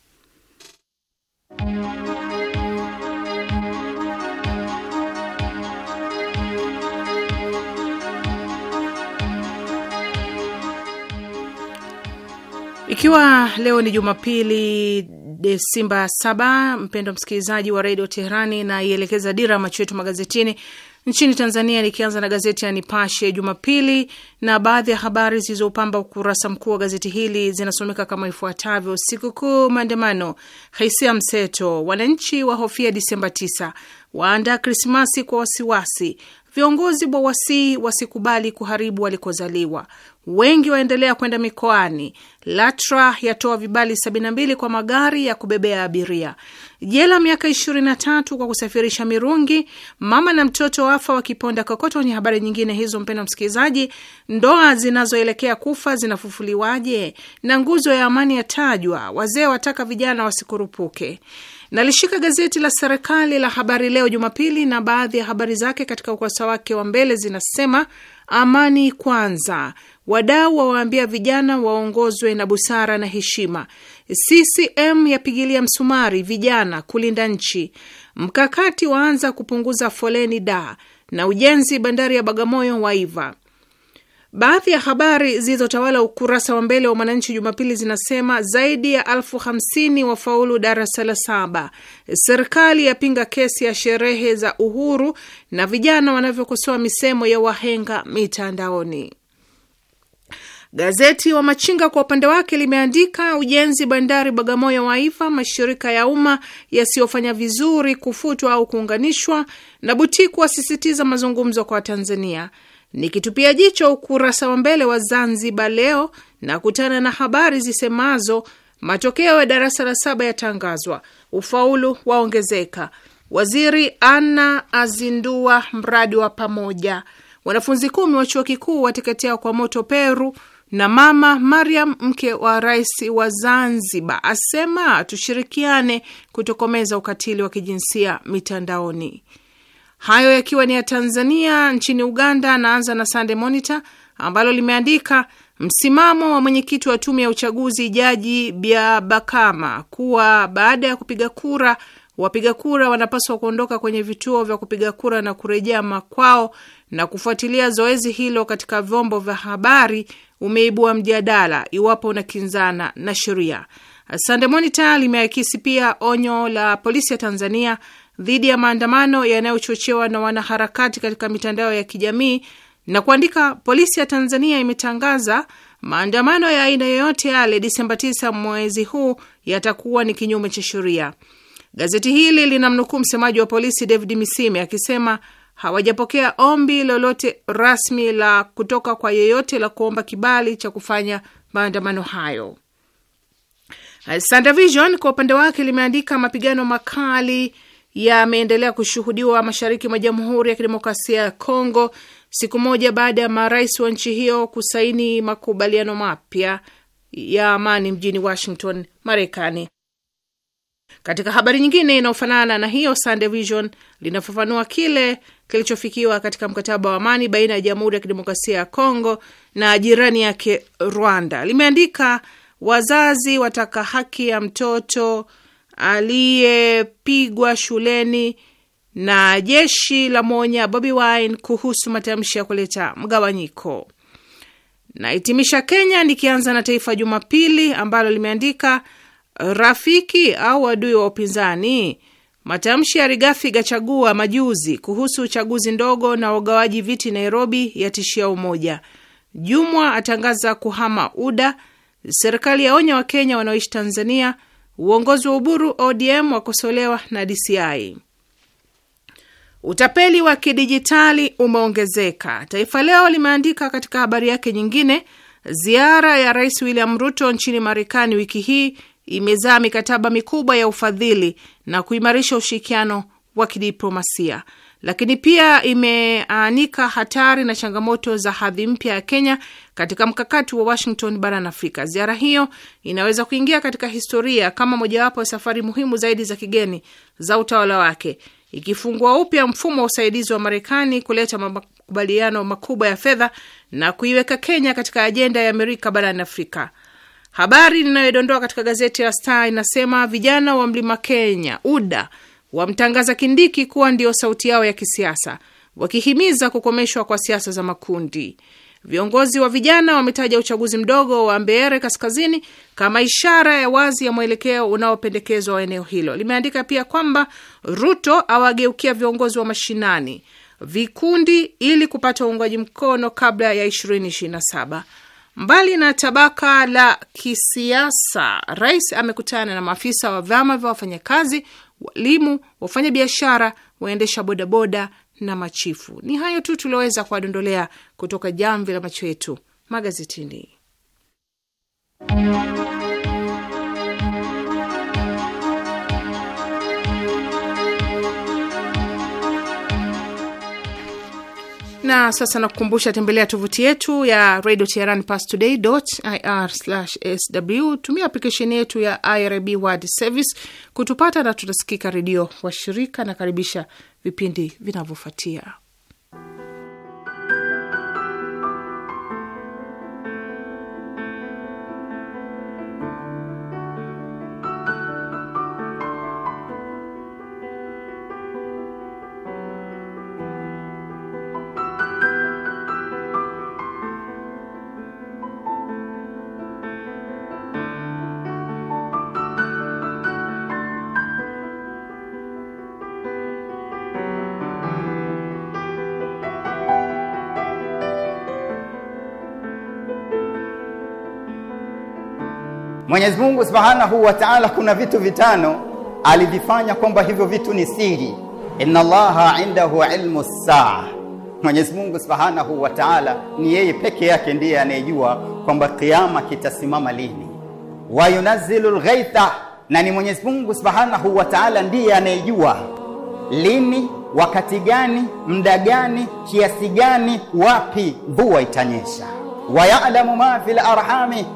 [SPEAKER 6] Ikiwa leo ni Jumapili, Desemba 7, mpendo msikilizaji wa redio Teherani, naielekeza dira macho yetu magazetini Nchini Tanzania, nikianza na gazeti ya Nipashe Jumapili, na baadhi ya habari zilizopamba ukurasa mkuu wa gazeti hili zinasomeka kama ifuatavyo: sikukuu maandamano, hisia mseto, wananchi wahofia Disemba 9, waandaa Krismasi kwa wasiwasi, Viongozi wasii wasikubali kuharibu walikozaliwa. Wengi waendelea kwenda mikoani. LATRA yatoa vibali 72 kwa magari ya kubebea abiria. Jela miaka 23 kwa kusafirisha mirungi. Mama na mtoto wafa wakiponda kokoto. kwenye habari nyingine hizo, mpendwa msikilizaji. Ndoa zinazoelekea kufa zinafufuliwaje? Na nguzo ya amani yatajwa. Wazee wataka vijana wasikurupuke. Nalishika gazeti la serikali la Habari Leo Jumapili, na baadhi ya habari zake katika ukurasa wake wa mbele zinasema: amani kwanza, wadau wawaambia vijana waongozwe na busara na heshima. CCM yapigilia msumari vijana kulinda nchi. Mkakati waanza kupunguza foleni da na ujenzi bandari ya Bagamoyo waiva. Baadhi ya habari zilizotawala ukurasa wa mbele wa Mwananchi Jumapili zinasema zaidi ya elfu hamsini wafaulu darasa la saba, serikali yapinga kesi ya sherehe za uhuru, na vijana wanavyokosoa misemo ya wahenga mitandaoni. Gazeti wa Machinga kwa upande wake limeandika ujenzi bandari Bagamoyo waifa, mashirika ya umma yasiyofanya vizuri kufutwa au kuunganishwa, na Butiku wasisitiza mazungumzo kwa Tanzania. Nikitupia jicho ukurasa wa mbele wa Zanzibar Leo na kutana na habari zisemazo matokeo ya darasa la saba yatangazwa, ufaulu waongezeka, waziri Anna azindua mradi wa pamoja, wanafunzi kumi wa chuo kikuu wateketea kwa moto Peru, na mama Mariam mke wa rais wa Zanzibar asema tushirikiane kutokomeza ukatili wa kijinsia mitandaoni. Hayo yakiwa ni ya Tanzania. Nchini Uganda, naanza na Sunday Monitor ambalo limeandika msimamo wa mwenyekiti wa tume ya uchaguzi Jaji Byabakama kuwa baada ya kupiga kura wapiga kura wanapaswa kuondoka kwenye vituo vya kupiga kura na kurejea makwao na kufuatilia zoezi hilo katika vyombo vya habari umeibua mjadala iwapo unakinzana na sheria. Sunday Monitor limeakisi pia onyo la polisi ya Tanzania dhidi ya maandamano yanayochochewa na wanaharakati katika mitandao ya kijamii na kuandika, polisi ya Tanzania imetangaza maandamano ya aina yoyote yale Disemba 9 mwezi huu yatakuwa ni kinyume cha sheria. Gazeti hili linamnukuu msemaji wa polisi David Misime akisema hawajapokea ombi lolote rasmi la kutoka kwa yeyote la kuomba kibali cha kufanya maandamano hayo. Sandavision kwa upande wake limeandika mapigano makali yameendelea kushuhudiwa mashariki mwa Jamhuri ya Kidemokrasia ya Kongo siku moja baada ya marais wa nchi hiyo kusaini makubaliano mapya ya amani mjini Washington, Marekani. Katika habari nyingine inayofanana na hiyo, Sunday Vision linafafanua kile kilichofikiwa katika mkataba wa amani baina ya Jamhuri ya Kidemokrasia ya Kongo na jirani yake Rwanda. Limeandika, wazazi wataka haki ya mtoto aliyepigwa shuleni na jeshi la mwonya Bobi Wine kuhusu matamshi ya kuleta mgawanyiko. Nahitimisha Kenya nikianza na Taifa Jumapili ambalo limeandika rafiki au adui wa upinzani, matamshi ya Rigathi Gachagua majuzi kuhusu uchaguzi ndogo na ugawaji viti Nairobi yatishia umoja. Jumwa atangaza kuhama UDA. Serikali yaonya Wakenya wanaoishi Tanzania Uongozi wa Uburu ODM wakosolewa na DCI. Utapeli wa kidijitali umeongezeka. Taifa Leo limeandika katika habari yake nyingine, ziara ya Rais William Ruto nchini Marekani wiki hii imezaa mikataba mikubwa ya ufadhili na kuimarisha ushirikiano wa kidiplomasia lakini pia imeanika hatari na changamoto za hadhi mpya ya Kenya katika mkakati wa Washington barani Afrika. Ziara hiyo inaweza kuingia katika historia kama mojawapo ya safari muhimu zaidi za kigeni za utawala wake, ikifungua upya mfumo wa usaidizi wa Marekani, kuleta makubaliano makubwa ya fedha na kuiweka Kenya katika ajenda ya Amerika barani Afrika. Habari inayodondoa katika gazeti la Star inasema vijana wa mlima Kenya UDA wamtangaza Kindiki kuwa ndiyo sauti yao ya kisiasa, wakihimiza kukomeshwa kwa siasa za makundi. Viongozi wa vijana wametaja uchaguzi mdogo wa Mbeere Kaskazini kama ishara ya wazi ya mwelekeo unaopendekezwa wa eneo hilo. Limeandika pia kwamba Ruto awageukia viongozi wa mashinani vikundi ili kupata uungwaji mkono kabla ya 2027. Mbali na tabaka la kisiasa, rais amekutana na maafisa wa vyama vya wafanyakazi walimu, wafanya biashara, waendesha bodaboda na machifu. Ni hayo tu tulioweza kuwadondolea kutoka jamvi la macho yetu magazetini. Na sasa nakukumbusha, tembelea tovuti yetu ya Radio Tehran pastoday.ir/sw. Tumia aplikesheni yetu ya IRIB World Service kutupata, na tutasikika redio washirika. Nakaribisha vipindi vinavyofuatia.
[SPEAKER 7] Mwenyezi Mungu Subhanahu wa Ta'ala kuna vitu vitano alivifanya kwamba hivyo vitu ni siri. Inna Allaha indahu ilmu saa. Mwenyezi Mungu Subhanahu wa Ta'ala ni yeye peke yake ndiye anayejua kwamba kiyama kitasimama lini. Wa yunazzilu lghaitha, na ni Mwenyezi Mungu Subhanahu wa Ta'ala ndiye anayejua lini, wakati gani, muda gani, kiasi gani, wapi mvua itanyesha. Wa ya'lamu ma fil arhami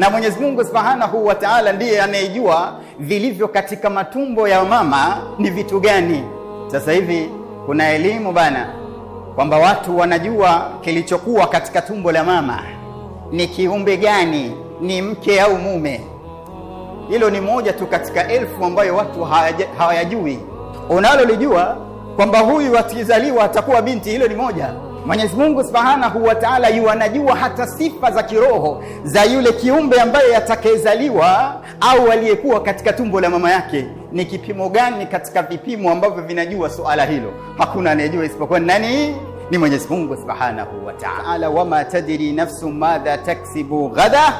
[SPEAKER 7] na Mwenyezi Mungu Subhanahu wa Ta'ala ndiye anayejua vilivyo katika matumbo ya mama ni vitu gani. Sasa hivi kuna elimu bana, kwamba watu wanajua kilichokuwa katika tumbo la mama ni kiumbe gani, ni mke au mume. Hilo ni moja tu katika elfu ambayo watu hawayajui. Unalolijua kwamba huyu akizaliwa atakuwa binti, hilo ni moja Mwenyezi Mungu subhanahu wa taala yu anajua hata sifa za kiroho za yule kiumbe ambaye atakayezaliwa au aliyekuwa katika tumbo la mama yake. Ni kipimo gani katika vipimo ambavyo vinajua suala hilo? Hakuna anayejua isipokuwa nani? Ni Mwenyezi Mungu subhanahu wa taala. Wama tadri nafsu madha taksibu ghada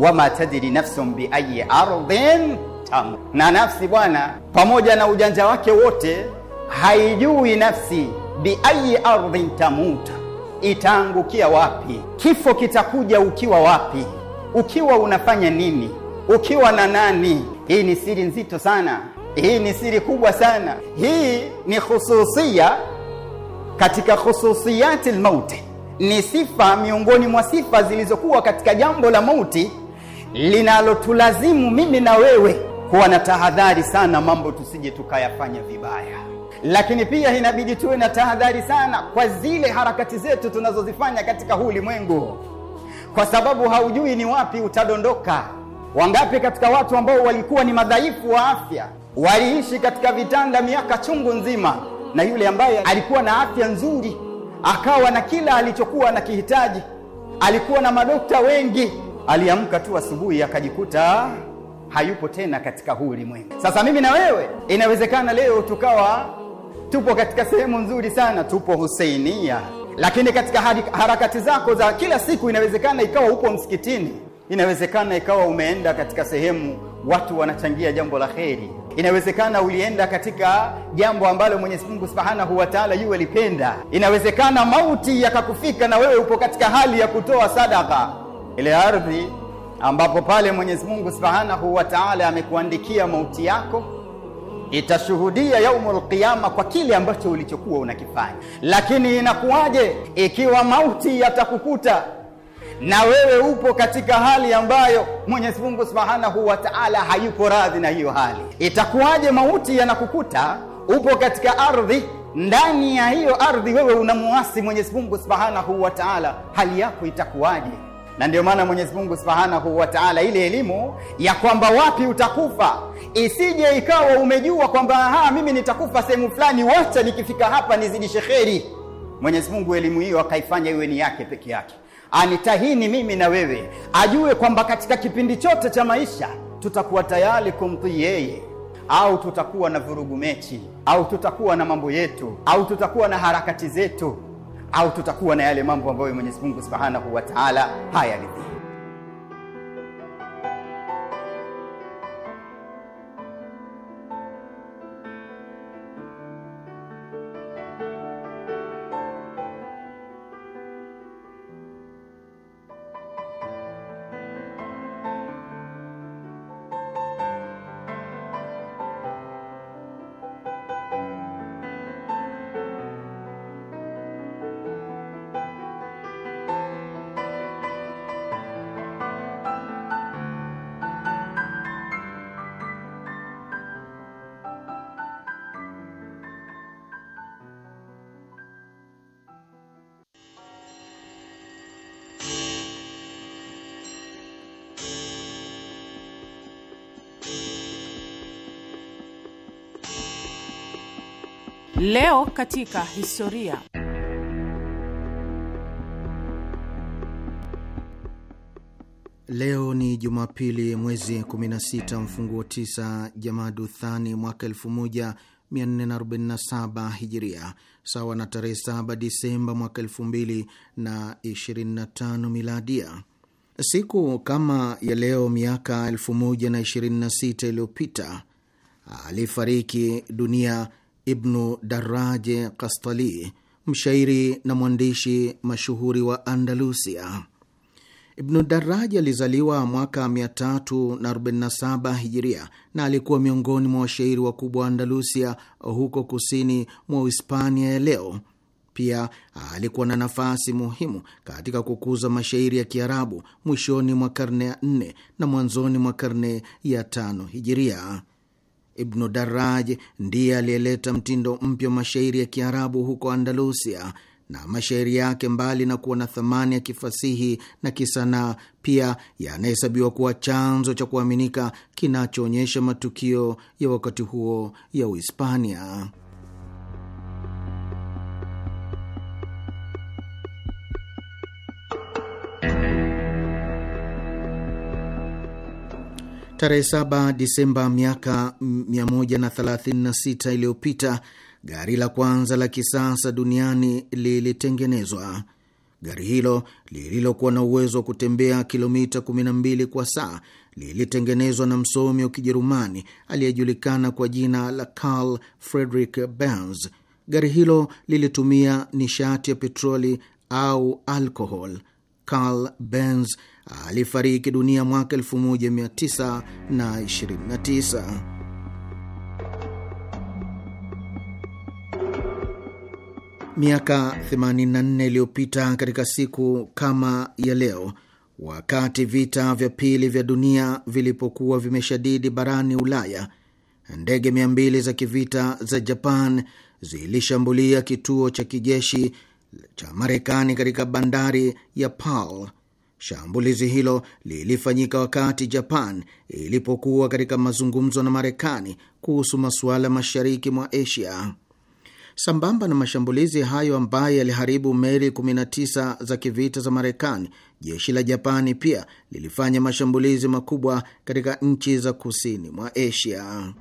[SPEAKER 7] wama tadri bi biayi ardhin tam. Na nafsi bwana, pamoja na ujanja wake wote, haijui nafsi biayi ardhin tamuta, itaangukia wapi? Kifo kitakuja ukiwa wapi? Ukiwa unafanya nini? Ukiwa na nani? Hii ni siri nzito sana, hii ni siri kubwa sana. Hii ni khususia katika khususiyati lmauti, ni sifa miongoni mwa sifa zilizokuwa katika jambo la mauti linalotulazimu mimi na wewe kuwa na tahadhari sana, mambo tusije tukayafanya vibaya lakini pia inabidi tuwe na tahadhari sana kwa zile harakati zetu tunazozifanya katika huu ulimwengu, kwa sababu haujui ni wapi utadondoka. Wangapi katika watu ambao walikuwa ni madhaifu wa afya waliishi katika vitanda miaka chungu nzima, na yule ambaye alikuwa na afya nzuri akawa na kila alichokuwa na kihitaji alikuwa na madokta wengi, aliamka tu asubuhi akajikuta hayupo tena katika huu ulimwengu. Sasa mimi na wewe inawezekana leo tukawa tupo katika sehemu nzuri sana, tupo Husainia, lakini katika harakati zako za kila siku, inawezekana ikawa upo msikitini, inawezekana ikawa umeenda katika sehemu watu wanachangia jambo la kheri, inawezekana ulienda katika jambo ambalo Mwenyezi Mungu Subhanahu wa Ta'ala yu alipenda, inawezekana mauti yakakufika na wewe upo katika hali ya kutoa sadaka, ile ardhi ambapo pale Mwenyezi Mungu Subhanahu wa Ta'ala amekuandikia mauti yako itashuhudia yaumul qiyama kwa kile ambacho ulichokuwa unakifanya. Lakini inakuwaje ikiwa mauti yatakukuta na wewe upo katika hali ambayo Mwenyezi Mungu Subhanahu wa Ta'ala hayupo radhi na hiyo hali? Itakuwaje mauti yanakukuta upo katika ardhi ndani ya hiyo ardhi wewe unamuasi Mwenyezi Mungu Subhanahu wa Ta'ala, hali yako itakuwaje? na ndio maana Mwenyezi Mungu Subhanahu wa Ta'ala, ile elimu ya kwamba wapi utakufa isije ikawa umejua kwamba ha, mimi nitakufa sehemu fulani, wacha nikifika hapa nizidishe kheri. Mwenyezi Mungu elimu hiyo akaifanya iwe ni yake peke yake, anitahini mimi na wewe, ajue kwamba katika kipindi chote cha maisha tutakuwa tayari kumtii yeye au tutakuwa na vurugu mechi au tutakuwa na mambo yetu au tutakuwa na harakati zetu au tutakuwa na yale mambo ambayo Mwenyezi Mungu Subhanahu wa Ta'ala hayalidhii.
[SPEAKER 6] Leo katika historia.
[SPEAKER 8] Leo ni Jumapili, mwezi 16 mfunguo 9 Jamadu Thani mwaka 1447 Hijiria, sawa na tarehe 7 Disemba mwaka 2025 Miladia. Siku kama ya leo miaka 1026 iliyopita alifariki dunia Ibnu Daraje Kastali, mshairi na mwandishi mashuhuri wa Andalusia. Ibnu Daraji alizaliwa mwaka 347 hijiria na alikuwa miongoni mwa washairi wakubwa wa Andalusia, huko kusini mwa Uhispania ya leo. Pia ah, alikuwa na nafasi muhimu katika kukuza mashairi ya Kiarabu mwishoni mwa karne ya 4 na mwanzoni mwa karne ya tano hijiria. Ibnu Daraj ndiye aliyeleta mtindo mpya wa mashairi ya Kiarabu huko Andalusia, na mashairi yake mbali na kuwa na thamani ya kifasihi na kisanaa, pia yanahesabiwa kuwa chanzo cha kuaminika kinachoonyesha matukio ya wakati huo ya Uhispania. Tarehe 7 Disemba miaka 136 iliyopita gari la kwanza la kisasa duniani lilitengenezwa. Gari hilo lililokuwa na uwezo wa kutembea kilomita 12 kwa saa lilitengenezwa na msomi wa Kijerumani aliyejulikana kwa jina la Carl Friedrich Benz. Gari hilo lilitumia nishati ya petroli au alkohol Carl Benz alifariki dunia mwaka 1929. Miaka 84 iliyopita katika siku kama ya leo, wakati vita vya pili vya dunia vilipokuwa vimeshadidi barani Ulaya, ndege 200 za kivita za Japan zilishambulia kituo cha kijeshi cha Marekani katika bandari ya Pearl. Shambulizi hilo lilifanyika wakati Japan ilipokuwa katika mazungumzo na Marekani kuhusu masuala mashariki mwa Asia. Sambamba na mashambulizi hayo ambayo yaliharibu meli 19 za kivita za Marekani, jeshi la Japani pia lilifanya mashambulizi makubwa katika nchi za kusini mwa Asia.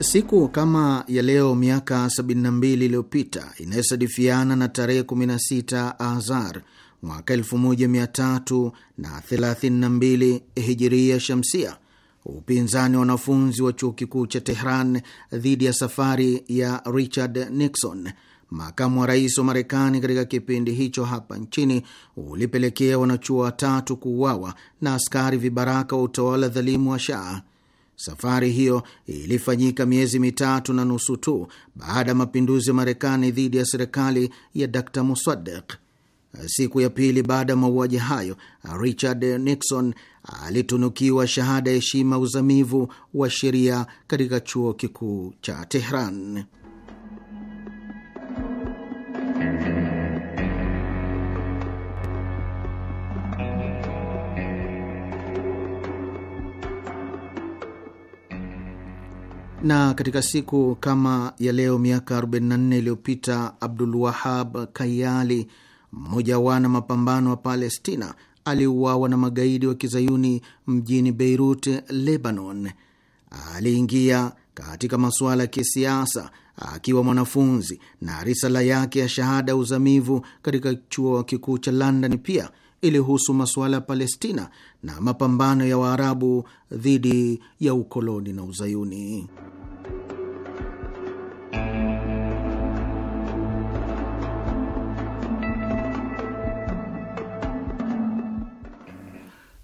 [SPEAKER 8] Siku kama ya leo miaka 72 iliyopita inayosadifiana na tarehe 16 Azar mwaka 1332 hijiria shamsia, upinzani wa wanafunzi wa chuo kikuu cha Tehran dhidi ya safari ya Richard Nixon, makamu wa rais wa Marekani katika kipindi hicho hapa nchini, ulipelekea wanachuo watatu kuuawa na askari vibaraka wa utawala dhalimu wa Shah. Safari hiyo ilifanyika miezi mitatu na nusu tu baada ya mapinduzi ya Marekani dhidi ya serikali ya Dr Musaddiq. Siku ya pili baada ya mauaji hayo, Richard Nixon alitunukiwa shahada ya heshima uzamivu wa sheria katika chuo kikuu cha Tehran. Na katika siku kama ya leo miaka 44 iliyopita Abdul Wahab Kayali, mmoja wa wana mapambano wa Palestina, aliuawa na magaidi wa kizayuni mjini Beirut, Lebanon. Aliingia katika masuala ya kisiasa akiwa mwanafunzi na risala yake ya shahada ya uzamivu katika chuo kikuu cha London pia ilihusu masuala ya Palestina na mapambano ya Waarabu dhidi ya ukoloni na uzayuni.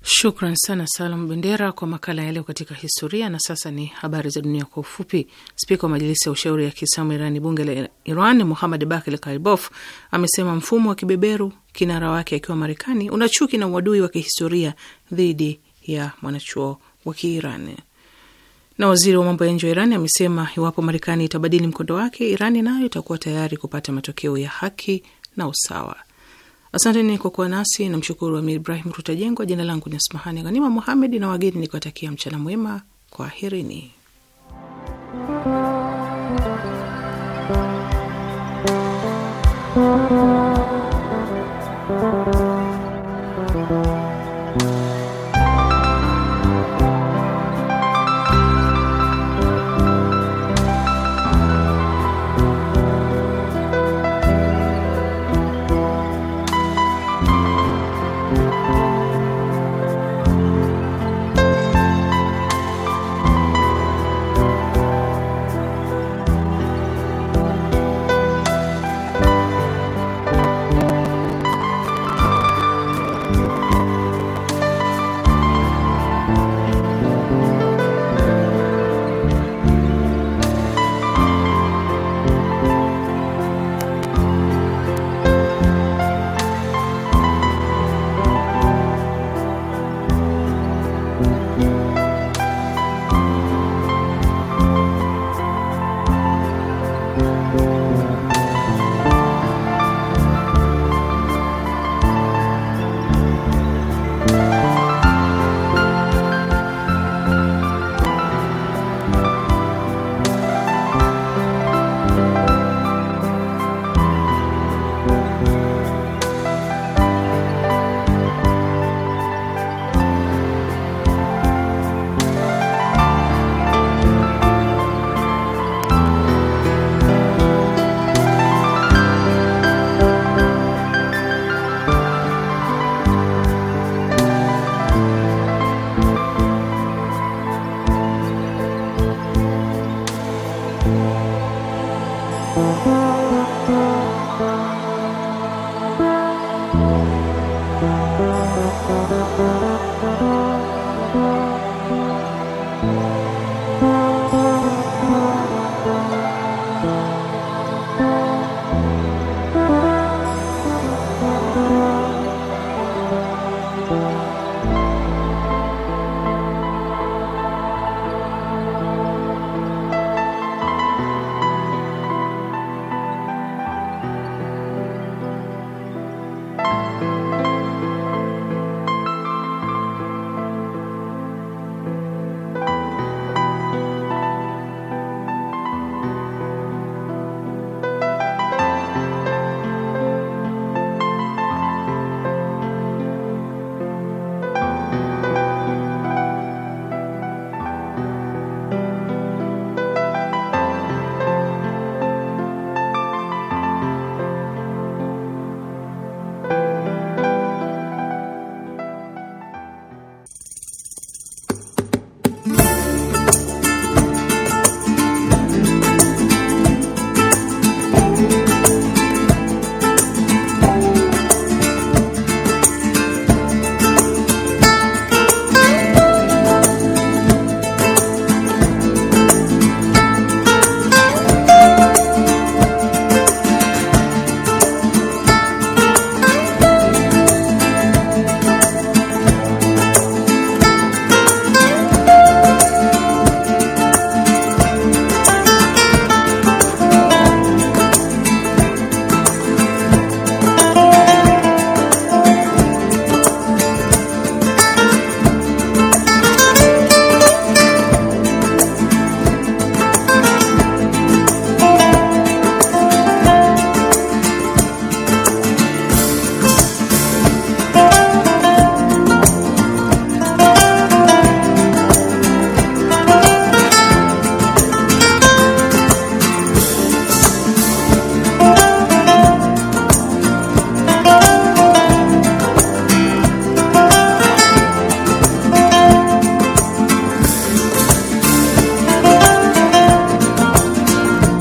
[SPEAKER 6] Shukran sana Salam Bendera kwa makala yaleo katika historia. Na sasa ni habari za dunia kwa ufupi. Spika wa Majilisi ya Ushauri ya Kiislamu Irani, bunge la Iran, muhamad bakl Karibof amesema mfumo wa kibeberu kinara wake akiwa Marekani una chuki na uadui wa kihistoria dhidi ya mwanachuo wa kiiran Na waziri wa mambo ya nje wa Irani amesema iwapo Marekani itabadili mkondo wake, Irani nayo itakuwa tayari kupata matokeo ya haki na usawa. Asanteni kwa kuwa nasi, namshukuru Amir Ibrahim Rutajengwa. Jina langu ni Asmahani Ghanima Muhamedi na wageni nikiwatakia mchana mwema, kwaherini.